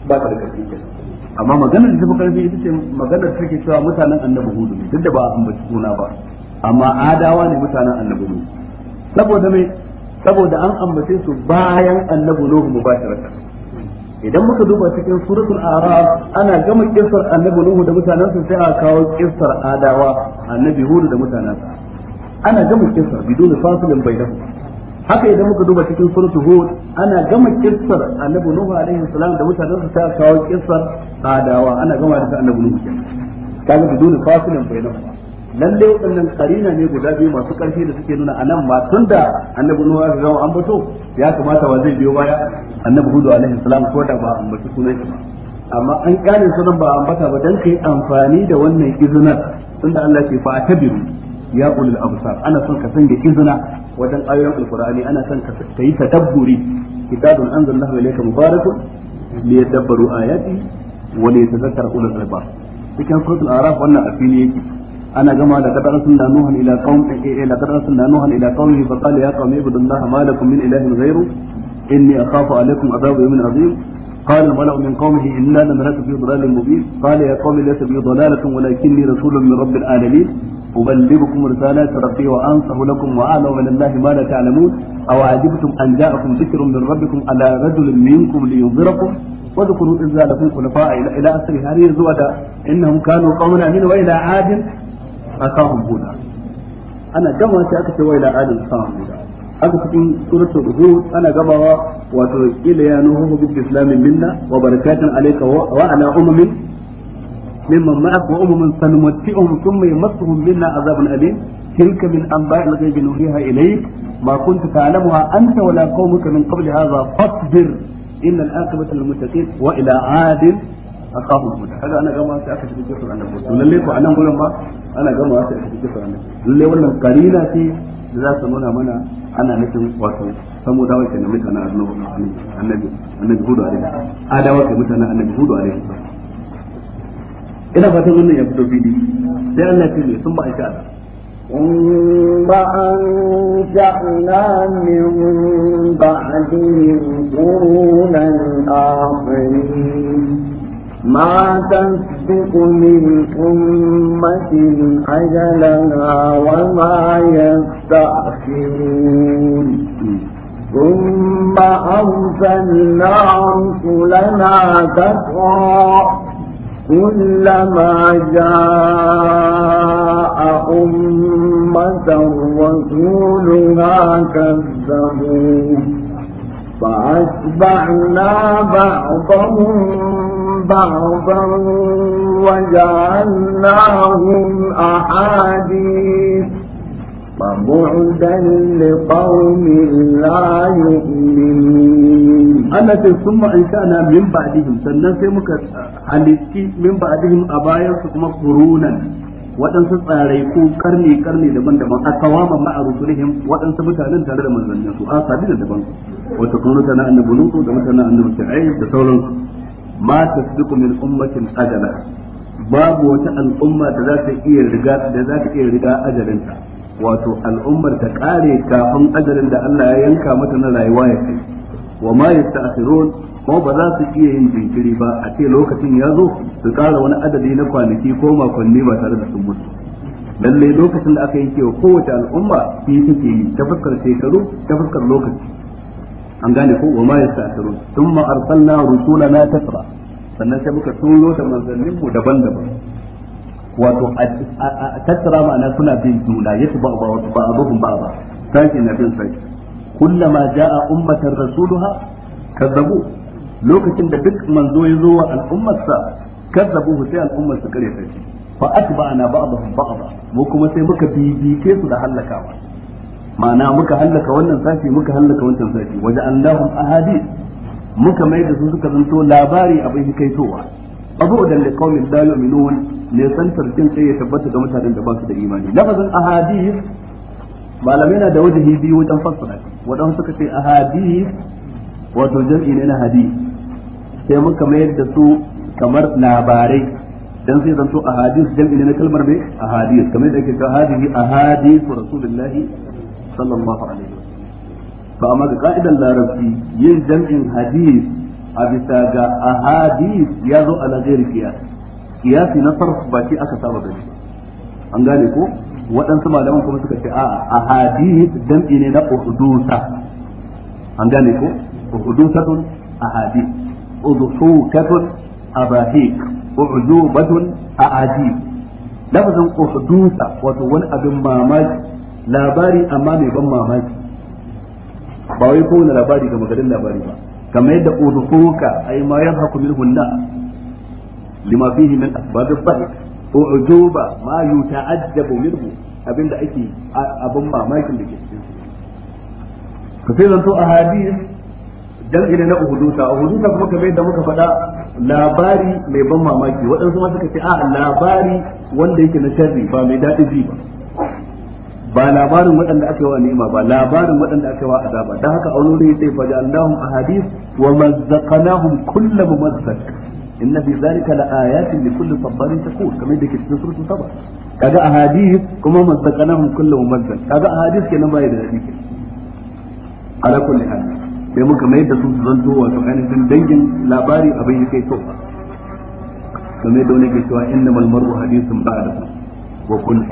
ba ta da gaskiya amma maganar da ta karfi ita ce maganar take cewa mutanen annabi hudu ne duk da ba a ambaci suna ba amma adawa ne mutanen annabi ne saboda me saboda an ambace su bayan annabi nuhu mubasharatan idan muka duba cikin suratul araf ana gama kissar annabi nuhu da sa sai a kawo kissar adawa annabi hudu da mutanen sa ana gama kissar bidon fasilin bainahu haka idan muka duba cikin suratul hud ana gama kissar annabi nuhu alaihi salam da mutanen sa ta kawo kissar adawa ana gama da annabi nuhu kaga bidun fasilin bainahuma lalle waɗannan karina ne guda biyu masu ƙarfi da suke nuna anan ma tun da annabi nuhu ya zama an bato ya kamata wa zai biyo baya annabi hudu alaihi salam ko da ba ambaci sunan shi amma an kyale sunan ba ambata ba dan kai amfani da wannan izinar tunda Allah ke fa tabiru ya ulul absar ana son ka sanya izina wajen ayoyin alqur'ani ana son ka yi tadabburi kitabun anzalallahu ilayka mubarakun liyadabbaru ayati wa liyatadhakkara ulul albab cikin suratul araf wannan afili yake ana gama da kadar sunna nuhan ila qaum ila eh, eh, kadar sunna nuhan ila qaumihi fa qala ya qaumi ibudullaha ma lakum min ilahin ghayru inni akhafu alaykum adhab yawmin azim قال الملأ من قومه إنا لنراك في ضلال مبين قال يا قوم ليس بي ضلالة ولكني رسول من رب العالمين أبلغكم رسالات ربي وأنصح لكم وأعلم من الله ما لا تعلمون أو عجبتم أن جاءكم ذكر من ربكم على رجل منكم لينذركم وذكروا إذ زالكم خلفاء إلى آخر هذه الزودة إنهم كانوا قوما أمين وإلى عاد أتاهم هنا أنا جمعت أكثر وإلى عاد أتاهم هنا haka cikin suratul hud ana gabawa wato ila ya nuhu bil islam minna wa barakatun alayka wa ala ummin mimman ma'ak wa ummin thumma yamassuhum minna azabun alim tilka min anba'il nuhiha ilayk ma ta'lamuha anta wala qaumuka min qabli hadha fasbir inna al lil muttaqin wa ila 'adin akahu kaga ana gama sai aka shiga annabi to lalle ko anan gurin ba ana gama sai aka annabi lalle wannan karina ce da za su nuna mana ana nufin wato samu dawo ke a annabi annabi annabi hudu alaihi ke mutanen annabi hudu alaihi ina fatan wannan ya fito fili sai Allah ya ce sun ba aika ثم أنشأنا من بعدهم قرونا آخرين ما تسبق من أمة أجلها وما يستأخرون ثم أرسلنا رسلنا تترى كلما جاء أمة رسولها كذبوه فأتبعنا بعضهم بعضا وجعلناهم أحاديث فبعدا لقوم لا يؤمنون أنا ثم أنشأنا من بعدهم سنسمك حديثك من بعدهم أبايا ثم قرونا kuma su waɗansu tsaraiku karni karni daban-daban a kawama ma'a rusulihim su mutanen tare da manzannin su a sabi da daban wata kuma mutanen annabulu lutu da mutanen annabi shu'aib da sauransu ma dukumin min ummatin ajala babu wata al'umma da za ta iya riga da za ta iya riga ajarinta wato al'ummar ta kare kafin ajalin da Allah ya yanka mata na rayuwa ya kai wa ma yasta'khirun ko ba za su iya yin jinkiri ba a ce lokacin ya zo su kara wani adadi na kwanaki ko makonni ba tare da sun mutu lalle lokacin da aka yanke wa kowace al'umma shi take ta fuskar shekaru ta fuskar lokaci an gane ko wa ma yasta'sirun thumma arsalna rusulana tasra sannan sai muka turo da manzannin mu daban-daban wato tasra ma'ana suna bin juna yatba ba ba abuhum ba ba sai na bin sai kullama ja'a ummatan rasuluha kazzabu lokacin da duk manzo ya zo wa al'ummarsa kazzabu sai al'ummar su kare sai fa atba'ana ba'dahum ba'da mu kuma sai muka bibice su da halakawa ma'ana muka hallaka wannan sashi muka hallaka wancan sashi waje allahum ahadith muka mai da su suka zanto labari abin hikaitowa abu da da kawai da yu'minun ne santar jin sai ya tabbata ga mutanen da ba su da imani lafazin ahadith malamai na da wajen biyu wajen fassara wadan suka ce ahadith wato jam'i ne na hadith sai muka mai da su kamar labarai dan sai zanto ahadith jam'i ne na kalmar mai ahadith kamar da ake cewa hadihi ahadith rasulullahi sallallahu alaihi wasallam to amma ga ka'idar larabci yin jam'in hadith a bisa ga ahadith ya zo ala ghairi qiyas qiyasi na sarf ba shi aka saba gani an gane ko waɗansu malaman kuma suka ce a ahadith jam'i ne na uhudusa an gane ko uhudusatun ahadith udhukatun abahik ujubatun ahadith lafazin uhdusa wato wani abin mamaki labari amma mai ban mamaki ba wai kowane labari ga magarin labari ba kamar yadda udhuka ay ma yadhaku minhu an lima fihi min asbab al-dhahik ujuba ma yuta'ajjabu minhu abinda ake abin mamakin da ke cikin ka sai zanto a hadis dangane na uhuduta uhuduta kuma kamar yadda muka faɗa labari mai ban mamaki waɗansu ma suka ce a labari wanda yake na sharri ba mai daɗi ji ba ba labarin waɗanda aka wa ni'ima ba labarin waɗanda aka a wa azaba dan haka aure ne sai fa ja'alnahum ahadith wa mazzaqnahum kullu mumazzaq inna fi zalika laayatin likulli sabarin shakur kamar da ke cikin suratul saba kaga ahadith kuma mazzaqnahum kullu mumazzaq kaga ahadith kenan bai da dadi ala kulli hal sai muka mai da su zanto wato ainihin dangin labari abin yake to kamar da wani ke cewa innamal mar'u hadithun ba'da wa kun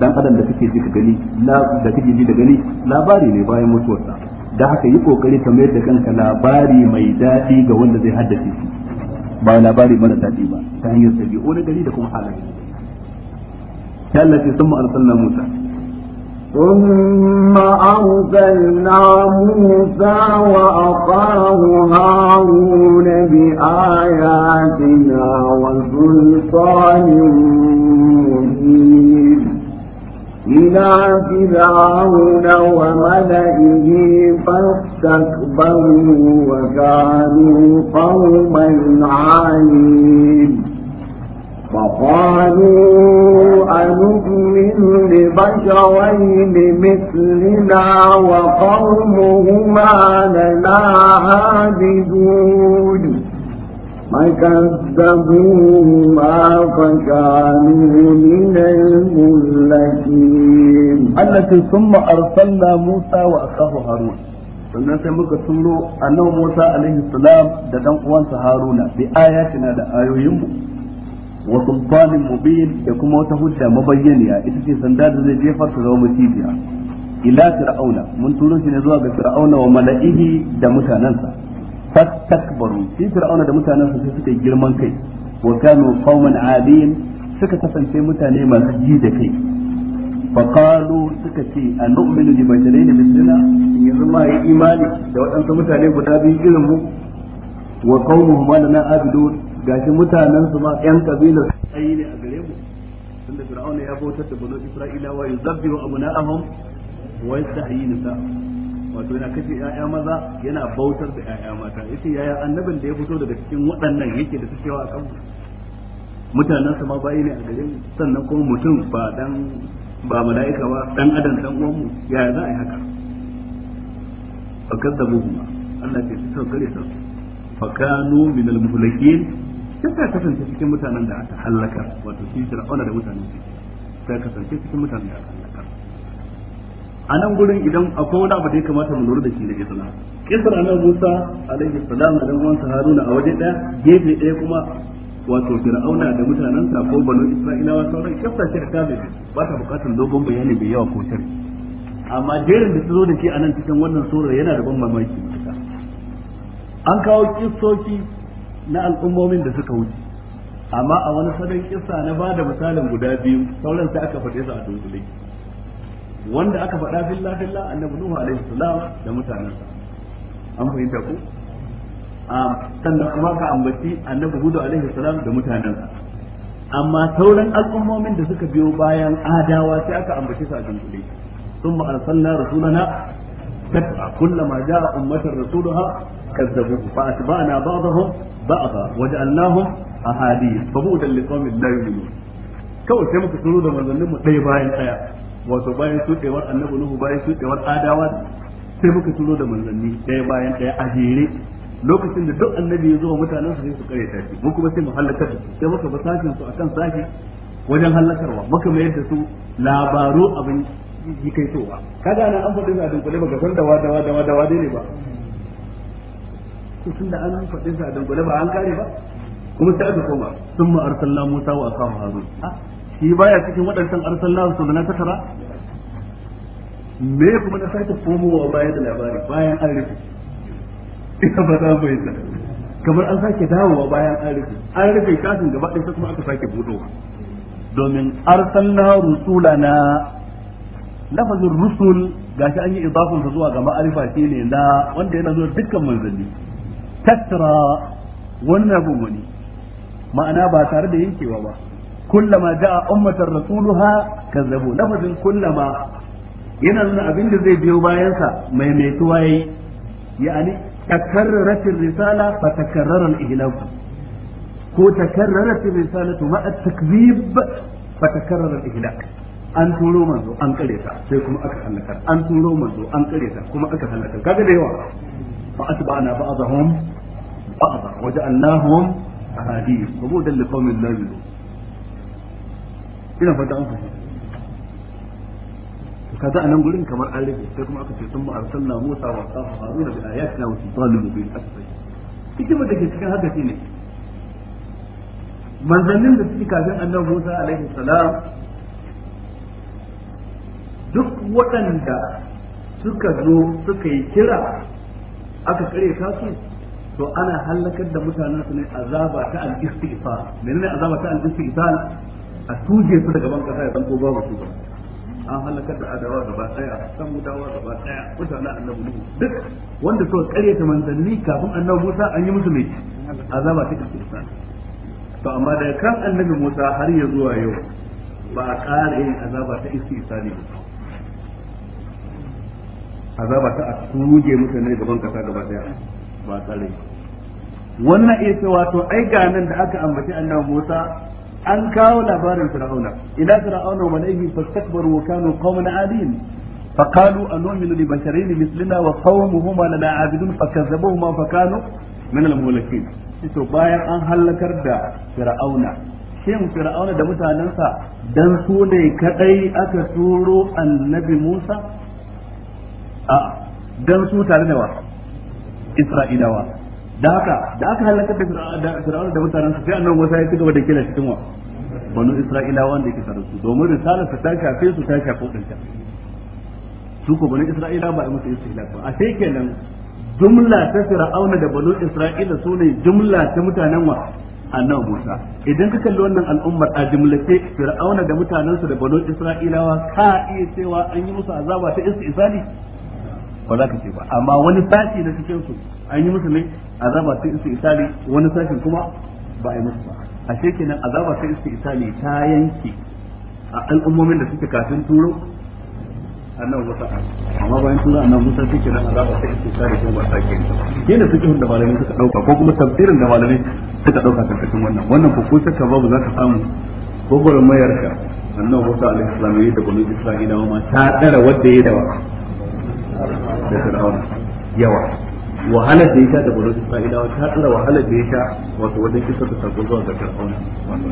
dan adam da kake ji ka gani da kake ji da gani labari ne bayan mutuwarsa da haka yi kokari ka mayar da kanka labari mai daɗi ga wanda zai haddace shi ba labari mara daɗi ba ta hanyar sabi'o na gari da kuma halaye ta Allah ce sun ma'arsalna Musa ثم أرسلنا موسى وأخاه هارون بآياتنا وسلطان مبين إلى فرعون وملئه فاستكبروا وكانوا قوما عالين فقالوا أنؤمن لبشرين مثلنا وقومهما لنا عابدون فكذبوهما فكانوا من المهلكين التي ثم أرسلنا موسى هارون sannan sai muka turo annabi Musa alaihi salam da dan uwansa Haruna bi ayatina da ayoyinmu wa sultanin mubin da kuma wata hujja mabayyaniya ita ce sanda da zai jefar su zama mutiya ila fir'auna mun turo shi ne zuwa ga fir'auna wa mala'ihi da mutanansa fastakbaru shi fir'auna da mutanen su suka girman kai wa kanu qauman adin suka kasance mutane masu ji da kai faqalu suka ce anu'minu li basharayn mislina yanzu ma yi imani da waɗansu mutane guda biyu irin mu wa qaumuhum lana abidun gashi mutanen su ma yan kabila sai ne a gare mu tunda fir'auna ya bautar da banu isra'ilawa yuzabbihu abna'ahum wa yastahyi nisa'ahum wato yana kashe ƴaƴa maza yana bautar da ƴaƴa mata yace yaya annabin da ya fito daga cikin waɗannan yake da cewa a kanmu mutanen sa ma bayi ne a gare sannan kuma mutum ba dan ba mala'ika ba dan adam dan uwan mu yaya za a yi haka fakar da buhuma Allah ce su sauka da su fakanu min al muhlikin kika kasance cikin mutanen da aka halaka wato shi da mutanen ta kasance cikin mutanen da aka halaka a nan gurin idan akwai wani abu da ya kamata mu lura da shi da islam kisar annabi Musa alaihi salam da wansa Haruna a waje daya gefe daya kuma wato fir'auna da mutanensa ko banu isra'ilawa sauran kissa ce da tabi ba ta bukatar dogon bayani mai yawa ko shirki amma jerin da ta zo da ke a nan cikin wannan surar yana da ban mamaki an kawo kisoki na al'ummomin da suka wuce amma a wani sadan kisa na ba da misalin guda biyu sauran sai aka faɗe su a dunkule wanda aka faɗa billah billah annabi nuhu alaihi salam da mutanensa an fahimta ku sannan kuma ka ambaci annabi hudu alaihi salam da mutanensa amma sauran al'ummomin da suka biyo bayan adawa sai aka ambaci su a dunkule ثم أرسلنا رسولنا تتبع كلما جاء أمة رسولها كذبوه فأتبعنا بعضهم بعضا وجعلناهم أحاديث فبعدا لقوم لا يؤمنون kawai sai muka turo da manzannin mu ɗaya bayan ɗaya wato bayan tuɗewar annabi nuhu bayan tuɗewar adawa sai muka turo da manzanni ɗaya bayan ɗaya a jere lokacin da duk annabi ya zo wa mutanen su sai su kare tashi mu kuma sai mu halaka su sai muka ba sashin su akan sashi wajen halakarwa muka mayar da su labaru abin yi kai towa kada nan an faɗi a dunkule ba ga san dawa dawa dawa dawa dai ne ba ko tunda an faɗi a dunkule ba an kare ba kuma sai aka koma sun ma arsalna musa wa akahu harun ah, shi baya cikin waɗancan arsallahu sau da na tattara me kuma na sake komowa baya da labari bayan an rufe ina ba za mu yadda kamar an sake dawowa bayan an rufe an rufe kafin gaba ɗaya kuma aka sake budowa domin rusula na lafazin rusul gashi an yi idafin ta zuwa ga ma'arifa shi ne na wanda yana zuwa dukkan manzanni tattara wani na wani ma'ana ba tare da yankewa ba kullama ja'a ummatar rasuluha kazzabu lafazin kullama yana nuna abin da zai biyo bayansa mai maituwa yayi ya'ani takarraratin risala fa takarrara al-ihlaq ko takarraratin risalatu ma'a takzib fa takarrara al-ihlaq an turo manzo an kare ta sai kuma aka halaka an turo manzo an kare ta kuma aka halaka kaga da yawa fa atba'na ba'dahum ba'dha waja'alnahum ahadith saboda liqaumin la yu'minun ina fata an fahimta to kaga anan gurin kamar an rage sai kuma aka ce sun na Musa wa ya Haruna bi ayatina wa sultanin mubin asfai hikimar da ke cikin haka shine manzannin da suke kafin annabi Musa alaihi salam duk waɗanda suka zo suka yi kira aka kare kasu to ana halakar da mutanen su ne azaba ta al-istighfar menene azaba ta al-istighfar a tuje su daga ban kasa ya zanto babu su ba an halakar da adawa gaba daya san mutawa gaba daya mutanen annabi nuhu duk wanda suka karyata manzanni kafin annabi Musa an yi musu mai azaba ta kisa to amma daga kan annabi Musa har ya zuwa yau ba a ƙara yin azaba ta isa ba azaba ta a tuje mutane gaban kasa gaba daya ba a wannan iya wato ai ga nan da aka ambaci annabi Musa an kawo labarin fir'auna ila fir'auna wa malaihi fastakbaru wa kanu qauman adin فقالوا أنؤمن لبشرين مثلنا وقومهما لنا عابدون فكذبوهما فكانوا من المهلكين to bayan an halakar da fir'auna shin fir'auna da mutanensa dan su ne kadai aka turo annabi Musa a dan su tare da wa Isra'ilawa da haka da aka halaka da fir'auna da mutanen su sai annabi Musa ya ci gaba da kila cikin wa banu isra'ila wanda yake tare su domin risalar ta shafe su ta ko dinka su ko banu Isra'ila ba a musu istihlak ba a sai kenan jumla ta fir'auna da banu Isra'ila ne jumla ta mutanen wa annabi Musa idan ka kalli wannan al'ummar a jumlace fir'auna da mutanensa da banu Isra'ilawa ka iya cewa an yi musu azaba ta istisali ba za ka ce ba amma wani sashi na cikin su an yi musu ne azaba sai iske isali wani sashin kuma ba a yi musu ba a kenan azaba sai iske isali ta yanke a al'ummomin da suke kafin turo annan wata amma bayan turo annan musa sai kenan azaba sai iske isali kuma ba ta ke yin da suke da malamai suka dauka ko kuma tafsirin da malamai suka dauka karkashin wannan wannan ko ko shakka babu za ka samu gogoro mayarka annan wata alaihi salam yayi da bani isra'ila ma ta dara wanda ya yi dawa. da yawa Wahala da ya sha da bulu su fa'ida ta tsara wahala da ya sha wato wajen kisa da sako zuwa ga fir'auna wato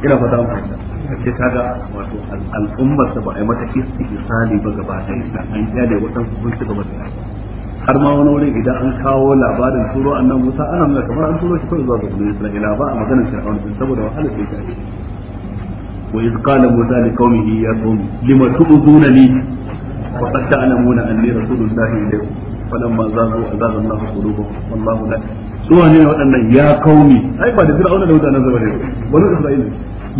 ina fata mu a ce kaga wato al'ummar ta ba a yi mata istihsali ba gaba ɗaya an kyale waɗansu sun shiga mata har ma wani wurin idan an kawo labarin turo annan Musa ana nuna kamar an turo shi kawai zuwa ga Bani Isra'ila ba a maganar Fir'aun saboda wahala da yake wa iz qala Musa li qaumihi ya qaum lima tu'zunani wa qad ta'lamuna anni rasulullahi ilaykum falamma zazu azaba Allahu qulubahum wallahu la su wane ne waɗannan ya kaumi ai ba da fir'auna da mutanen zaba ne wani isra'ila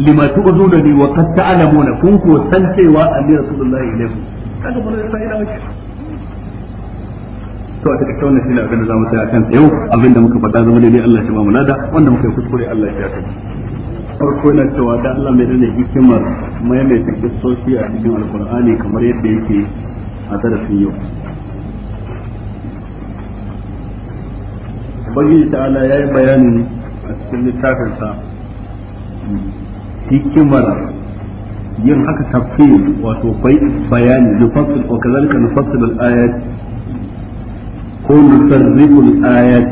lima tu'zuna ni wa qad ta'lamuna kun ko san cewa to a take na shine abin da zamu tsaya kan yau abin da muka faɗa zama daidai Allah ya ba mu lada wanda muka yi kuskure Allah ya tafi farko na cewa da Allah mai dane hikimar maimaita kissoshi a cikin alkur'ani kamar yadda yake a zarafin yau ubangiji ta'ala yi bayani a cikin littafin hikimar yin haka tafsir wato bayani wa kazalika al-ayat ko nusarrifu al-ayat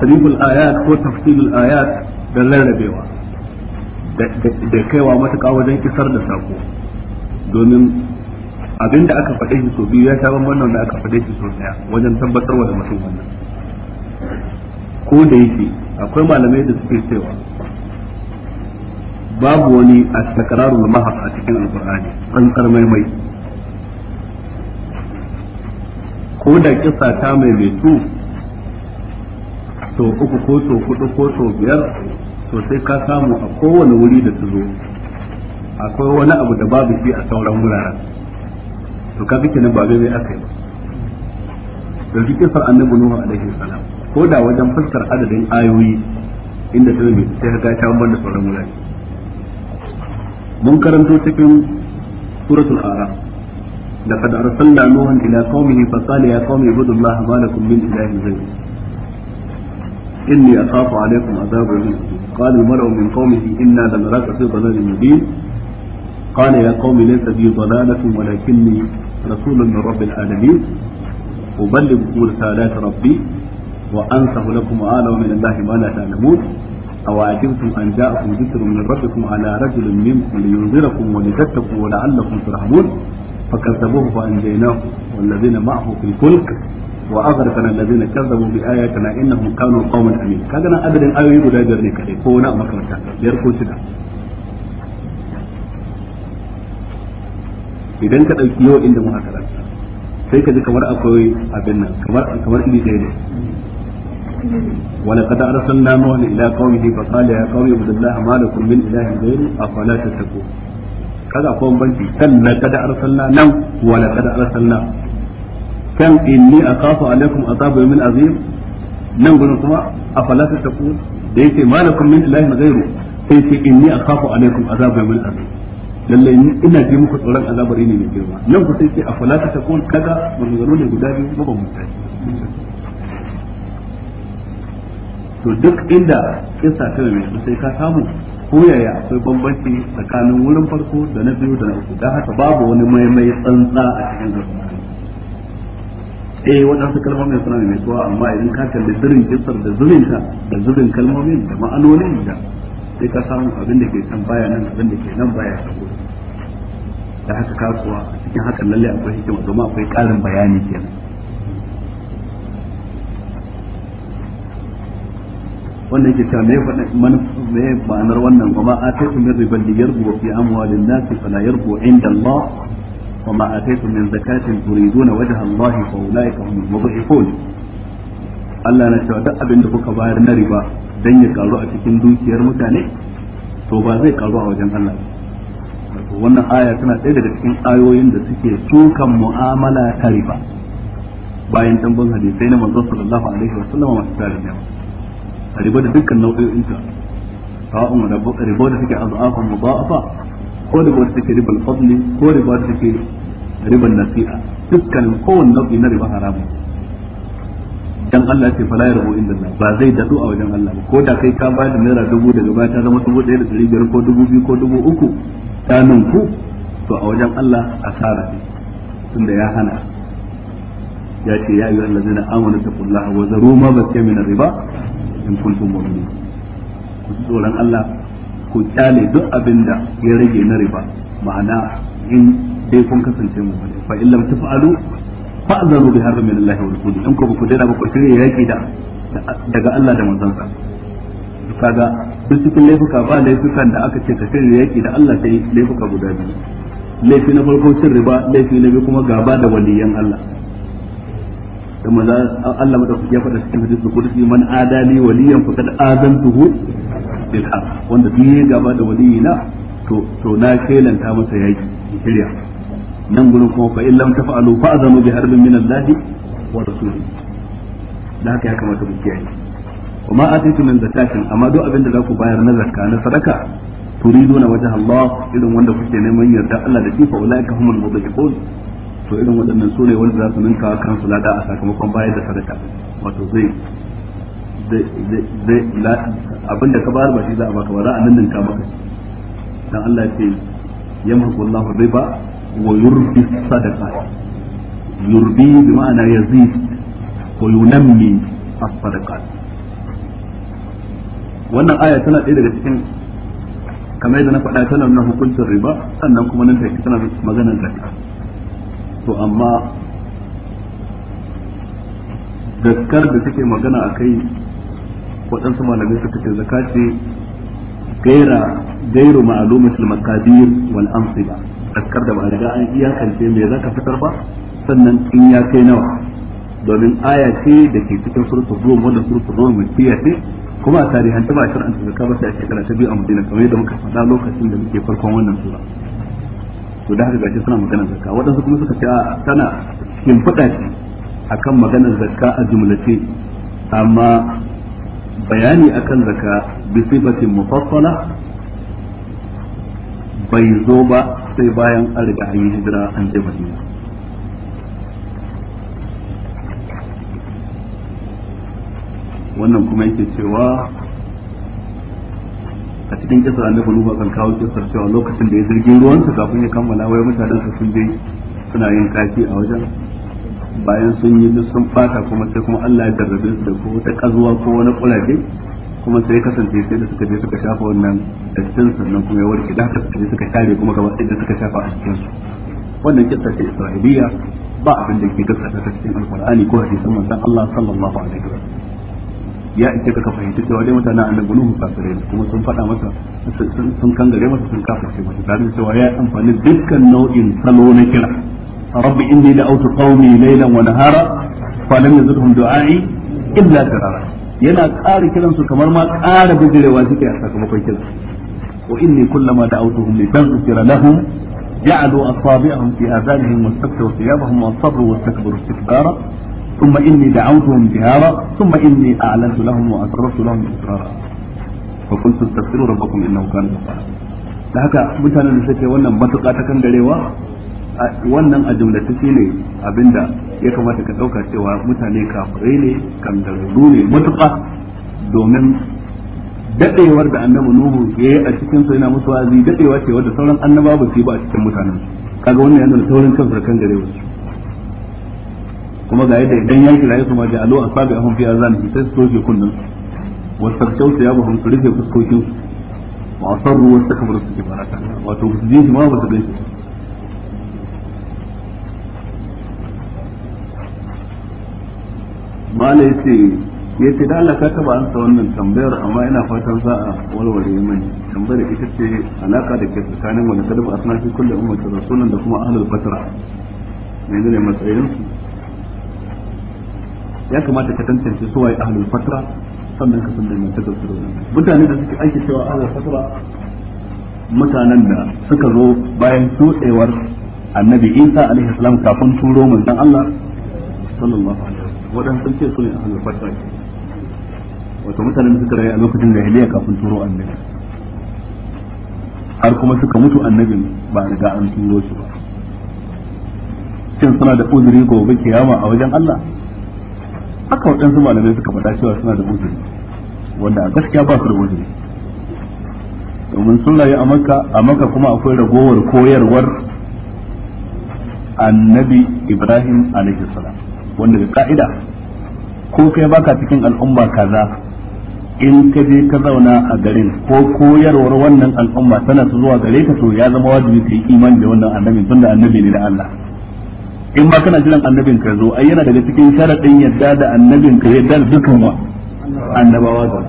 al-ayat ko tafsir al-ayat da larabewa da kaiwa matuƙa wajen kisar da sako domin abinda aka faɗe shi so biyu ya sha ban da aka faɗe shi so wajen tabbatarwa da mutum wannan ko da yake akwai malamai da suke cewa babu wani a takararul mahaf a cikin alkur'ani karmai mai ko da kisa ta maimaitu to uku ko to kudu ko to biyar to sai ka samu a kowane wuri da ta zo akwai wani abu da babu shi a sauran wuraren to ka kenan ba zai aka yi ba da shi kisar annabi nuhu alaihi salam ko da wajen fassara adadin ayoyi inda ta zube sai haka ta bambanta sauran wurare mun karanto cikin suratul ara da kad arsalna nuhan ila qaumihi fa qala ya qaumi ibudullaha ma lakum min ilahin ghayri inni akhafu alaykum adhab yawm qala al-mar'u min qaumihi inna lanaraka fi dhalalin mubin قال يا قوم ليس بي ضلالة ولكني رسول من رب العالمين أبلغكم رسالات وأنصح لكم وأعلم من الله ما لا تعلمون أو عجبتم أن جاءكم ذكر من ربكم على رجل منكم لينذركم ولتتقوا ولعلكم ترحمون فكذبوه فأنجيناه والذين معه في الفلك وأغرقنا الذين كذبوا بآياتنا إنهم كانوا قوما أمين كذا أبدا أي ولا جرني كذي كونا مكرتا يركو سدا idan ka ɗauki yau inda muka karanta sai ka ji kamar akwai abin nan kamar kamar iri ɗaya ne ولقد أرسلنا نوحا إلى قومه فقال يا قوم اعبدوا الله ما لكم من إله غيره أفلا تتقون kada akwai banki kan na kada arsalna nan wala kada arsalna kan inni akafu alaikum azabu min azim nan gurin kuma afala tattaqun da yake malakum min ilahin ghairu sai ce inni akafu alaikum azabu yawmil azim lalle ni ina ji muku tsoron azabar ne mai girma nan ku sai ce afala ta takun mun maganganu ne guda biyu mabambanta to duk inda kisa ta mai su sai ka samu koyaya akwai bambanci tsakanin wurin farko da na biyu da na uku don haka babu wani maimai tsantsa a cikin alkur'ani eh waɗansu kalmomin suna mai suwa amma idan ka kalli zirin kisar da ta da zurin kalmomin da ma'anonin da sai ka samu abin da ke can baya nan abin da ke nan baya saboda da haka kasuwa cikin hakan lalle akwai hikima domin akwai ƙarin bayani kenan wanda yake cewa me faɗa man me ma'anar wannan wa ma ataitu min riban yarbu fi amwalin nas fala yarbu inda Allah wa ma ataitu min zakatin turiduna wajha Allah fa ulaika humul mudhifun Allah na cewa duk abin da kuka bayar na riba dan ya karu a cikin dukiyar mutane to ba zai karu a wajen Allah wannan aya tana ɗaya daga cikin ayoyin da suke tukan mu'amala ta riba bayan tambon hadisai na manzo sallallahu alaihi wa sallam masu tarin yawa riba da dukkan nau'o'in ta sawa'un riba da take azafan mudha'afa ko riba da take riba al ko riba da take riba nasi'a dukkan kowanne nau'i na riba haramun dan Allah ce fala ya rabu inda Allah ba zai dadu a wajen Allah ba ko da kai ka bayar da naira dubu daga baya ta zama dubu ɗaya da ɗari biyar ko dubu biyu ko dubu uku ta ninku to a wajen Allah asara ne tunda ya hana ya ce ya yi ayyuhal ladzina amanu taqullaha wa zaru ma baqiya min riba in kuntum mu'minin ku ji tsoron Allah ku kyale duk abin da ya rage na riba ma'ana in dai kun kasance mu bane fa in lam taf'alu fa'zanu bi harbi min Allah wa rasuli in ku ku daina ba ku shirye yaki da daga Allah da manzon sa kaga duk cikin laifuka ba laifukan da aka ce ka shirye yaki da Allah sai laifuka guda biyu laifi na farko cin riba laifi na biyu kuma gaba da waliyan Allah kuma za Allah madaukaki ya faɗa cikin hadisi kudusi man adali waliyan faqad azantuhu bil haqq wanda biye gaba da waliyina to to na kelanta masa yaki shirya nan gurin kuma fa illam tafa'alu fa'zanu bi harbin min Allah wa rasuli da haka ya kamata ku kiyaye kuma atitu min zakatin amma duk abinda za ku bayar na zakka na sadaka na wajen Allah irin wanda kuke neman yarda Allah da shi fa ulaika humul mudhiqun to irin waɗannan su ne wanda za su ninka kansu lada a sakamakon bayar da sadaka wato zai abin da ka bayar ba shi za a baka ba za a nan ninka maka dan Allah ce yamhaku Allahu riba wa yurbi sadaka yurbi bi ma'ana yazid wa yunammi as-sadaqat wannan aya tana ɗaya daga cikin kamar yadda na faɗa tana nuna hukuncin riba sannan kuma nan take tana maganar zakka to amma gaskar da take magana a kai waɗansu malamai suka ce zaka ce gaira gairu ma'alumatul makadir wal amsila gaskar da ba riga an iyakance me zaka fitar ba sannan in ya kai nawa domin aya ce da ke cikin surutu zuwa wanda surutu zuwa mutiya ce kuma a tarihan ta ba a shar'anta zakka ba sai a shekara ta biyu a madina kamar yadda muka faɗa lokacin da muke farkon wannan sura to da haka gashi suna maganar zakka waɗansu kuma suka ce tana kin fada shi akan maganar zakka a jumlace amma bayani akan zakka bi sifatin mufassala bai zo ba sai bayan an riga an yi hijira an je madina wannan kuma yake cewa cikin kisar annabi nuhu kan kawo kisar cewa lokacin da ya jirgin ruwansa kafin ya kammala wai mutanen su sun je suna yin kafi a wajen bayan sun yi sun bata kuma sai kuma Allah ya darrabe su da ko wata kazuwa ko wani kuraje kuma sai kasance sai da suka je suka shafa wannan dattin sannan kuma ya warke da haka sai suka share kuma gaba ɗaya da suka shafa a cikin su wannan kissa ce isra'iliya ba abin da ke gaskata ta cikin alqur'ani ko hadisin manzon Allah sallallahu alaihi wasallam ya ishe ka fahimci cewa dai mutanen annabi nuhu kafirai kuma sun faɗa masa sun kangare masa sun kafirce masa tare da cewa ya amfani dukkan nau'in salo na kira rabbi inni da'awtu qaumi laylan wa nahara fa lam yazidhum du'a'i illa tarara yana ƙara kiran su kamar ma ƙara bijirewa suke a sakamakon kiran wa inni kullama da'awtuhum li tanfira lahum جعلوا أصابعهم في آذانهم واستفتوا ثيابهم وأصروا واستكبروا استكبارا ثم إني دعوتهم جهارا ثم إني أعلنت لهم وأسررت لهم إسرارا فقلت استغفروا ربكم إنه كان غفارا da haka mutanen da suke wannan matuƙa ta wannan a jumlata shi ne abinda ya kamata ka ɗauka cewa mutane kafirai ne kangararru ne matuƙa domin daɗewar da annabi nuhu ya yi a cikin su yana musu wazi daɗewa ce wadda sauran annaba ba su yi ba a cikin mutanen kaga wannan yana da saurin kan sarkan garewa kuma ga yadda idan ya kira su ma ja'alu asabi'ahum fi azanihim sai su toje kullun wastakshau ta yaba hun su rufe fuskokin su wa sarru wasu kamar su ke barata wato su ji shi ma ba su gaishe. shi mala ya ce ya ce da Allah ka taba ansa wannan tambayar amma ina fatan za a walwale mani tambayar ita ce alaka da ke tsakanin wani kalma asnafi kullu ummatin rasulun da kuma ahlul fatra menene matsayin su ya kamata ka tantance su waye ahlul fatra sannan ka san da mai ta gasu da mutane da suke aiki cewa ahlul fatra mutanen da suka zo bayan tsotsewar annabi Isa alaihi salam kafin turo manzon Allah sallallahu alaihi wasallam wadan sun ce su ne ahlul fatra wato mutanen da suka rayu a lokacin da jahiliya kafin turo annabi har kuma suka mutu annabin ba riga an turo su ba shin suna da uzuri gobe kiyama a wajen Allah haka waɗansu malamai suka faɗa cewa suna da uzuri wanda a gaskiya ba su da uzuri domin sun rayu a maka a maka kuma akwai ragowar koyarwar annabi ibrahim alaihi wanda ga ka'ida ko kai baka cikin al'umma kaza in ka je ka zauna a garin ko koyarwar wannan al'umma tana su zuwa gare ka to ya zama wajibi ka yi imani da wannan annabi tunda annabi ne da Allah in ma kana jiran annabin ka zo ai yana daga cikin sharadin yadda da annabin ka yadda da dukkan wa annabawa da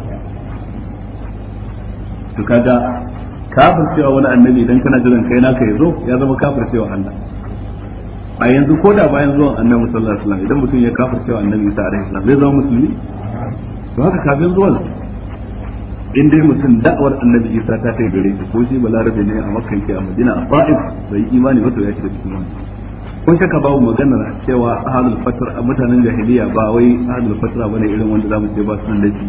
to kaga kafir cewa wani annabi idan kana jiran kai na ya zo ya zama kafir cewa Allah a yanzu ko da bayan zuwan annabi sallallahu alaihi wasallam idan mutum ya kafir cewa annabi isa alaihi salam zai zama musulmi to haka kafin zuwan in dai mutum da'awar annabi isa ta kai gare shi ko shi balarabe ne a makkan a madina a fa'id bai imani ba to ya shiga cikin wannan kun shaka babu maganar cewa ahlul a mutanen jahiliya ba wai ahlul fatr bane irin wanda zamu ce ba su da laifi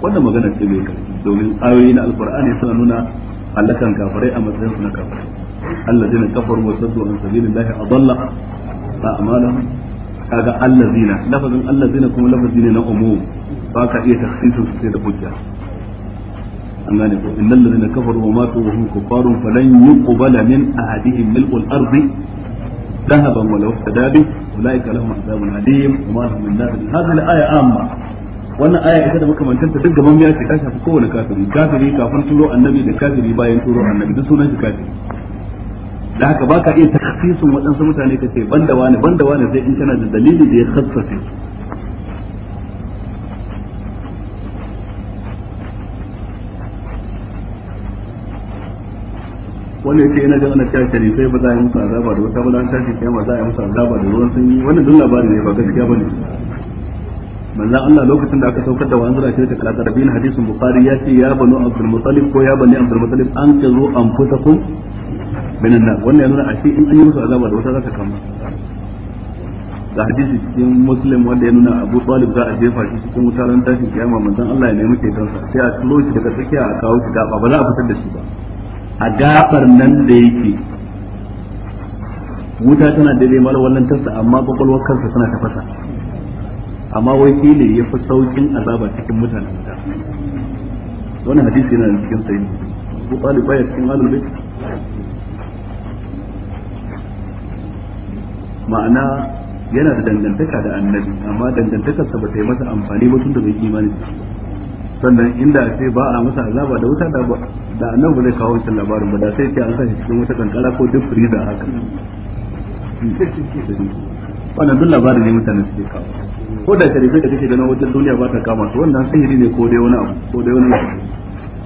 wannan magana ce mai karfi domin ayoyi na alqur'ani suna nuna allakan kafirai a matsayin su na kafirai allazina kafaru wa saddu an sabilillahi adalla a'malahum kaga allazina lafazin allazina kuma lafazi ne na umum ba ka iya tafsirin su sai da hujja an gane ko innal ladina kafaru wa matu wa hum kuffarun falan yuqbala min ahadihim mil'ul ardi ذهبا ولو افتدى به اولئك لهم عذاب عليم وما لهم من ناصر هذه الايه عامه aya ita da makamantanta duk gaban miya ce ta shafi kowane kafiri kafiri kafin a annabi da kafiri bayan turo annabi duk sunan shi kafiri da haka baka iya takhsisin waɗansu mutane ka ce banda wani banda wani sai in tana da dalili da ya sassafe. wanda ce yana jin ana cewa sharifai ba za a yi musu azaba da wata ba an tashi kiyama za a yi musu azaba da ruwan sanyi wannan duk labari ne ba gaskiya bane manzan Allah lokacin da aka saukar da wa anzura shirka kalaqarabin hadisun bukari ya ce ya banu abdul muttalib ko ya bani abdul muttalib an ka zo an kazo anfusakum minan nar wannan yana a ce in an yi musu azaba da wata za ta kama ga hadisi cikin muslim wanda ya nuna abu talib za a jefa shi cikin wuta ran tashin kiyama manzan Allah ya nemi cetonsa sai a tulo shi daga tsakiya a kawo shi gaba ba za a fitar da shi ba a gafar nan da yake wuta tana daidai mara wannan tasa amma kwakwalwar kansa tana tafasa amma wai shi ne ya fi saukin azaba cikin mutanen wuta wannan hadisi yana da cikin sayi ko ɗalibai ya cikin bai ma'ana yana da dangantaka da annabi amma dangantakarsa ba ta yi masa amfani ba tun da bai imani sannan inda ce ba a masa azaba da wuta da da nan ba zai kawo wancan labarin ba da sai ce an sa cikin wata kankara ko duk freezer haka wannan duk labarin ne mutane suke kawo ko da sharifai da kake ganin wajen duniya ba ta kama su wannan sihiri ne ko dai wani abu ko dai wani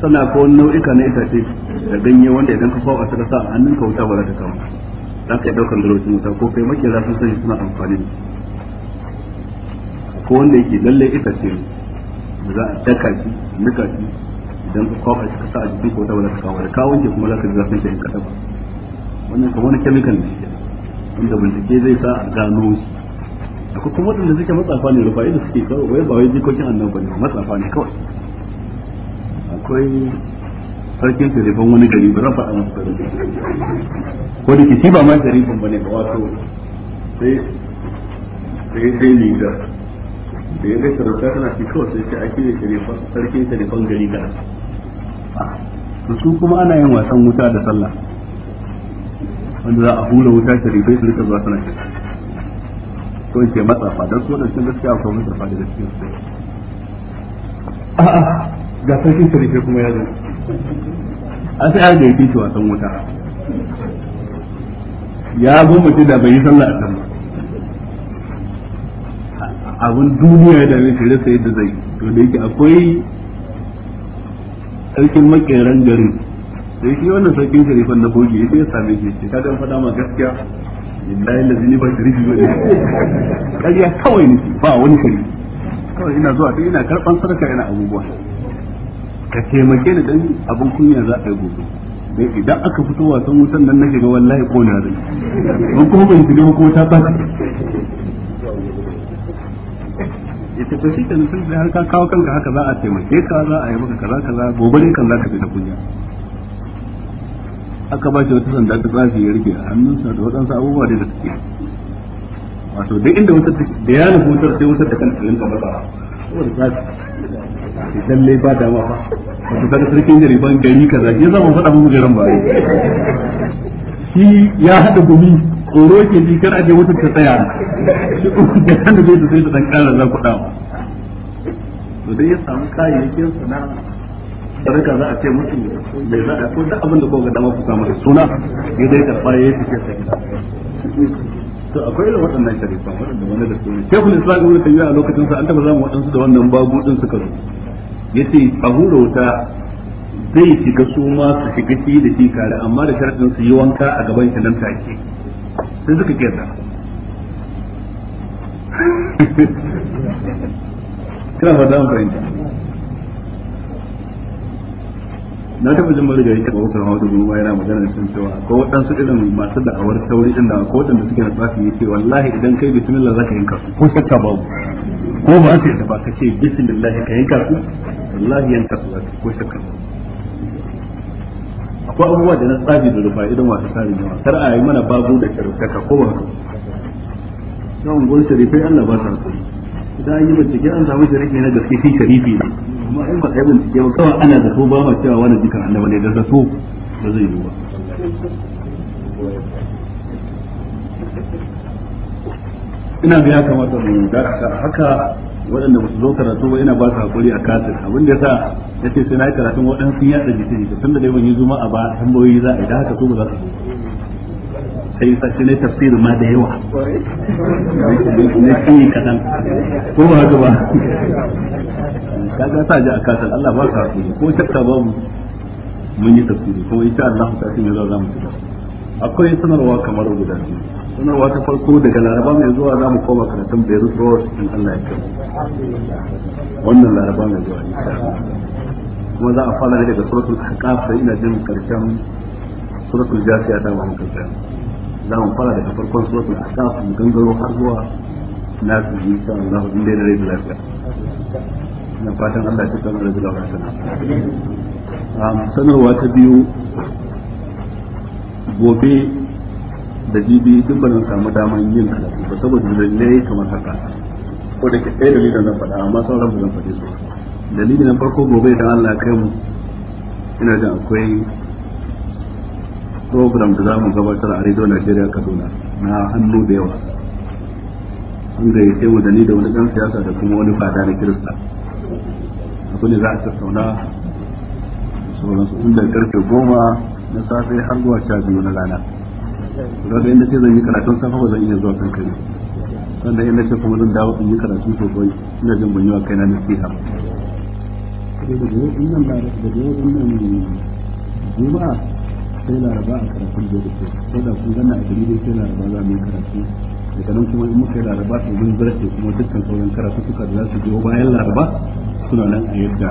sana ko wani nau'ika na itace da ganye wanda idan ka a ta sa a hannun ka wuta ba za ta kama za ka yi daukan dalocin wuta ko kai makera sun sani suna amfani ko wanda yake lallai itace ne da za a daka shi nika shi idan ka kwafa shi ka sa a jikin ko ta wala ka kawo da kuma za ka zafin shi in wannan wani ne bincike sa a gano shi akwai kuma waɗanda suke matsafa ne suke wai ba wai jikokin ne matsafa ne kawai akwai sarkin wani gari ba a masu gari ko da ke shi ba ma sharifan ba ne ba wato sai sai sai ne da da ya gaisa da tana shi kawai sai ce ake yi sarkin tarifan gari gara to su kuma ana yin wasan wuta da sallah wanda za a hula wuta shari'a su rika zuwa suna shi ko in ce matsafa don su wadansu gaskiya ko matsafa da gaskiya su a'a ga sarkin shari'a kuma ya zo a sai an da ya fi wasan wuta ya zo da bai yi sallah a kan. abin duniya da dame shi rasa yadda zai to da yake akwai sarkin makeran garin da yake wannan sarkin sharifan na bogi ya ya same shi ce kaga faɗa ma gaskiya lillahi lazi ni ba sharifi ba ne kariya kawai nake ba wani sharifi kawai ina zuwa tun ina karɓan sarka ina abubuwa ka taimake ni dan abin kunya za a yi gobe dai idan aka fito wasan wutan nan na shiga wallahi ko na zai mun kuma ban shiga ko ta ba ya ce to shi kenan da ka kawo kanka haka za a taimake ka za a yi maka kaza kaza gobe ne kan fita kunya aka ba shi wata sanda ta tsafi ya rike a hannunsa da waɗansu abubuwa da suke wato duk inda da ya nufi wutar sai wutar da saboda tsafi lallai ba dama ba wato sarkin gari ban gari kaza ya zama faɗa muku garin ba shi ya haɗa gumi tsoro ke ji kar aje wutar ta tsaya da kan da zai da sai ta dan ƙara za ku dawo to dai ya samu kayayyakin suna sadaka za a ce musu mai za a koda abin da kowa dama ku samu suna ya dai karɓa ya yi fice sai to akwai irin waɗannan sharifan waɗanda wani da sunan shekul islam ibn tayyib a lokacin sa an taba zama waɗansu da wannan babu din suka zo yace a hura wuta zai shiga su ma su shiga shi da shi kare amma da sharadin su yi wanka a gaban shi nan take sai suka kiyarta kira fata an fahimta na taɓa jin marigayi ta taɓa wakar wata gurma yana magana sun cewa ko waɗansu irin masu da'awar tauri ɗin da ko waɗanda suke da tsafi ya ce wallahi idan kai bismillah za ka yanka su ko shakka babu ko ba su yadda ba ka ce bismillah ka yanka su wallahi yanka su ko shakka babu ko abubuwa da na tsabi da rufa idan wasu tsarin yawa kar a yi mana babu da karutaka ko ba ka yawan gwani sharifai Allah ba sa kuri idan an yi bincike an samu sharifi na gaske shi sharifi ne amma in ba a yi bincike ba kawai ana da so ba ma cewa wani jikan annaba ne da da ba zai yi ba ina biya kamata mu dakata haka waɗanda ba su zo karatu ba ina ba su hakuri a kasir abin da yasa ce sai na yi karatun waɗansu ya da jiki ne tunda dai ban yi zuma a ba tambayoyi za a yi da haka su ba za su sai sai ne tafsir ma da yawa ne shi kaɗan. ko ba haka ba kaga sa ji a kasir Allah ba ka hakuri ko shakka ba mu mun yi tafsiri kuma sha Allah ta sun yi za mu akwai sanarwa kamar guda biyu sanarwa ta farko daga laraba mai zuwa za mu koma karatun beirut road in allah ya wannan laraba mai zuwa kuma za a fara daga suratul ahqaf sai ina jin karshen suratul jasiya da mu karshen za mu fara daga farkon suratul ahqaf mu gangaro har zuwa na su yi insha Allah in da rai lafiya na fatan Allah ya tsara da lafiya sana sanarwa ta biyu gobe da bibi duk ba zan samu daman yin karatu ba saboda dalilai kamar haka ko da ke ɗaya dalilin na faɗa amma sauran ba zan faɗe su dalilin na farko gobe da Allah kai mu ina jin akwai program da za mu gabatar a Radio Nigeria Kaduna na hannu da yawa an gayyace mu da ni da wani ɗan siyasa da kuma wani fada na Kirista abu ne za a tattauna sauransu inda karfe goma na safe har zuwa sha biyu na rana daga inda iya zuwa kan sannan inda kuma zan dawo in da nan kuma in muka yi laraba to mun zarce kuma dukkan sauran karatu suka da za su biyo bayan laraba suna nan a yadda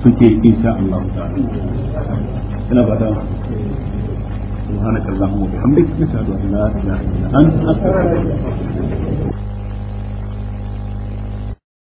suke insha Allah ta'ala ina subhanakallahumma wa bihamdika nashhadu an la ilaha illa anta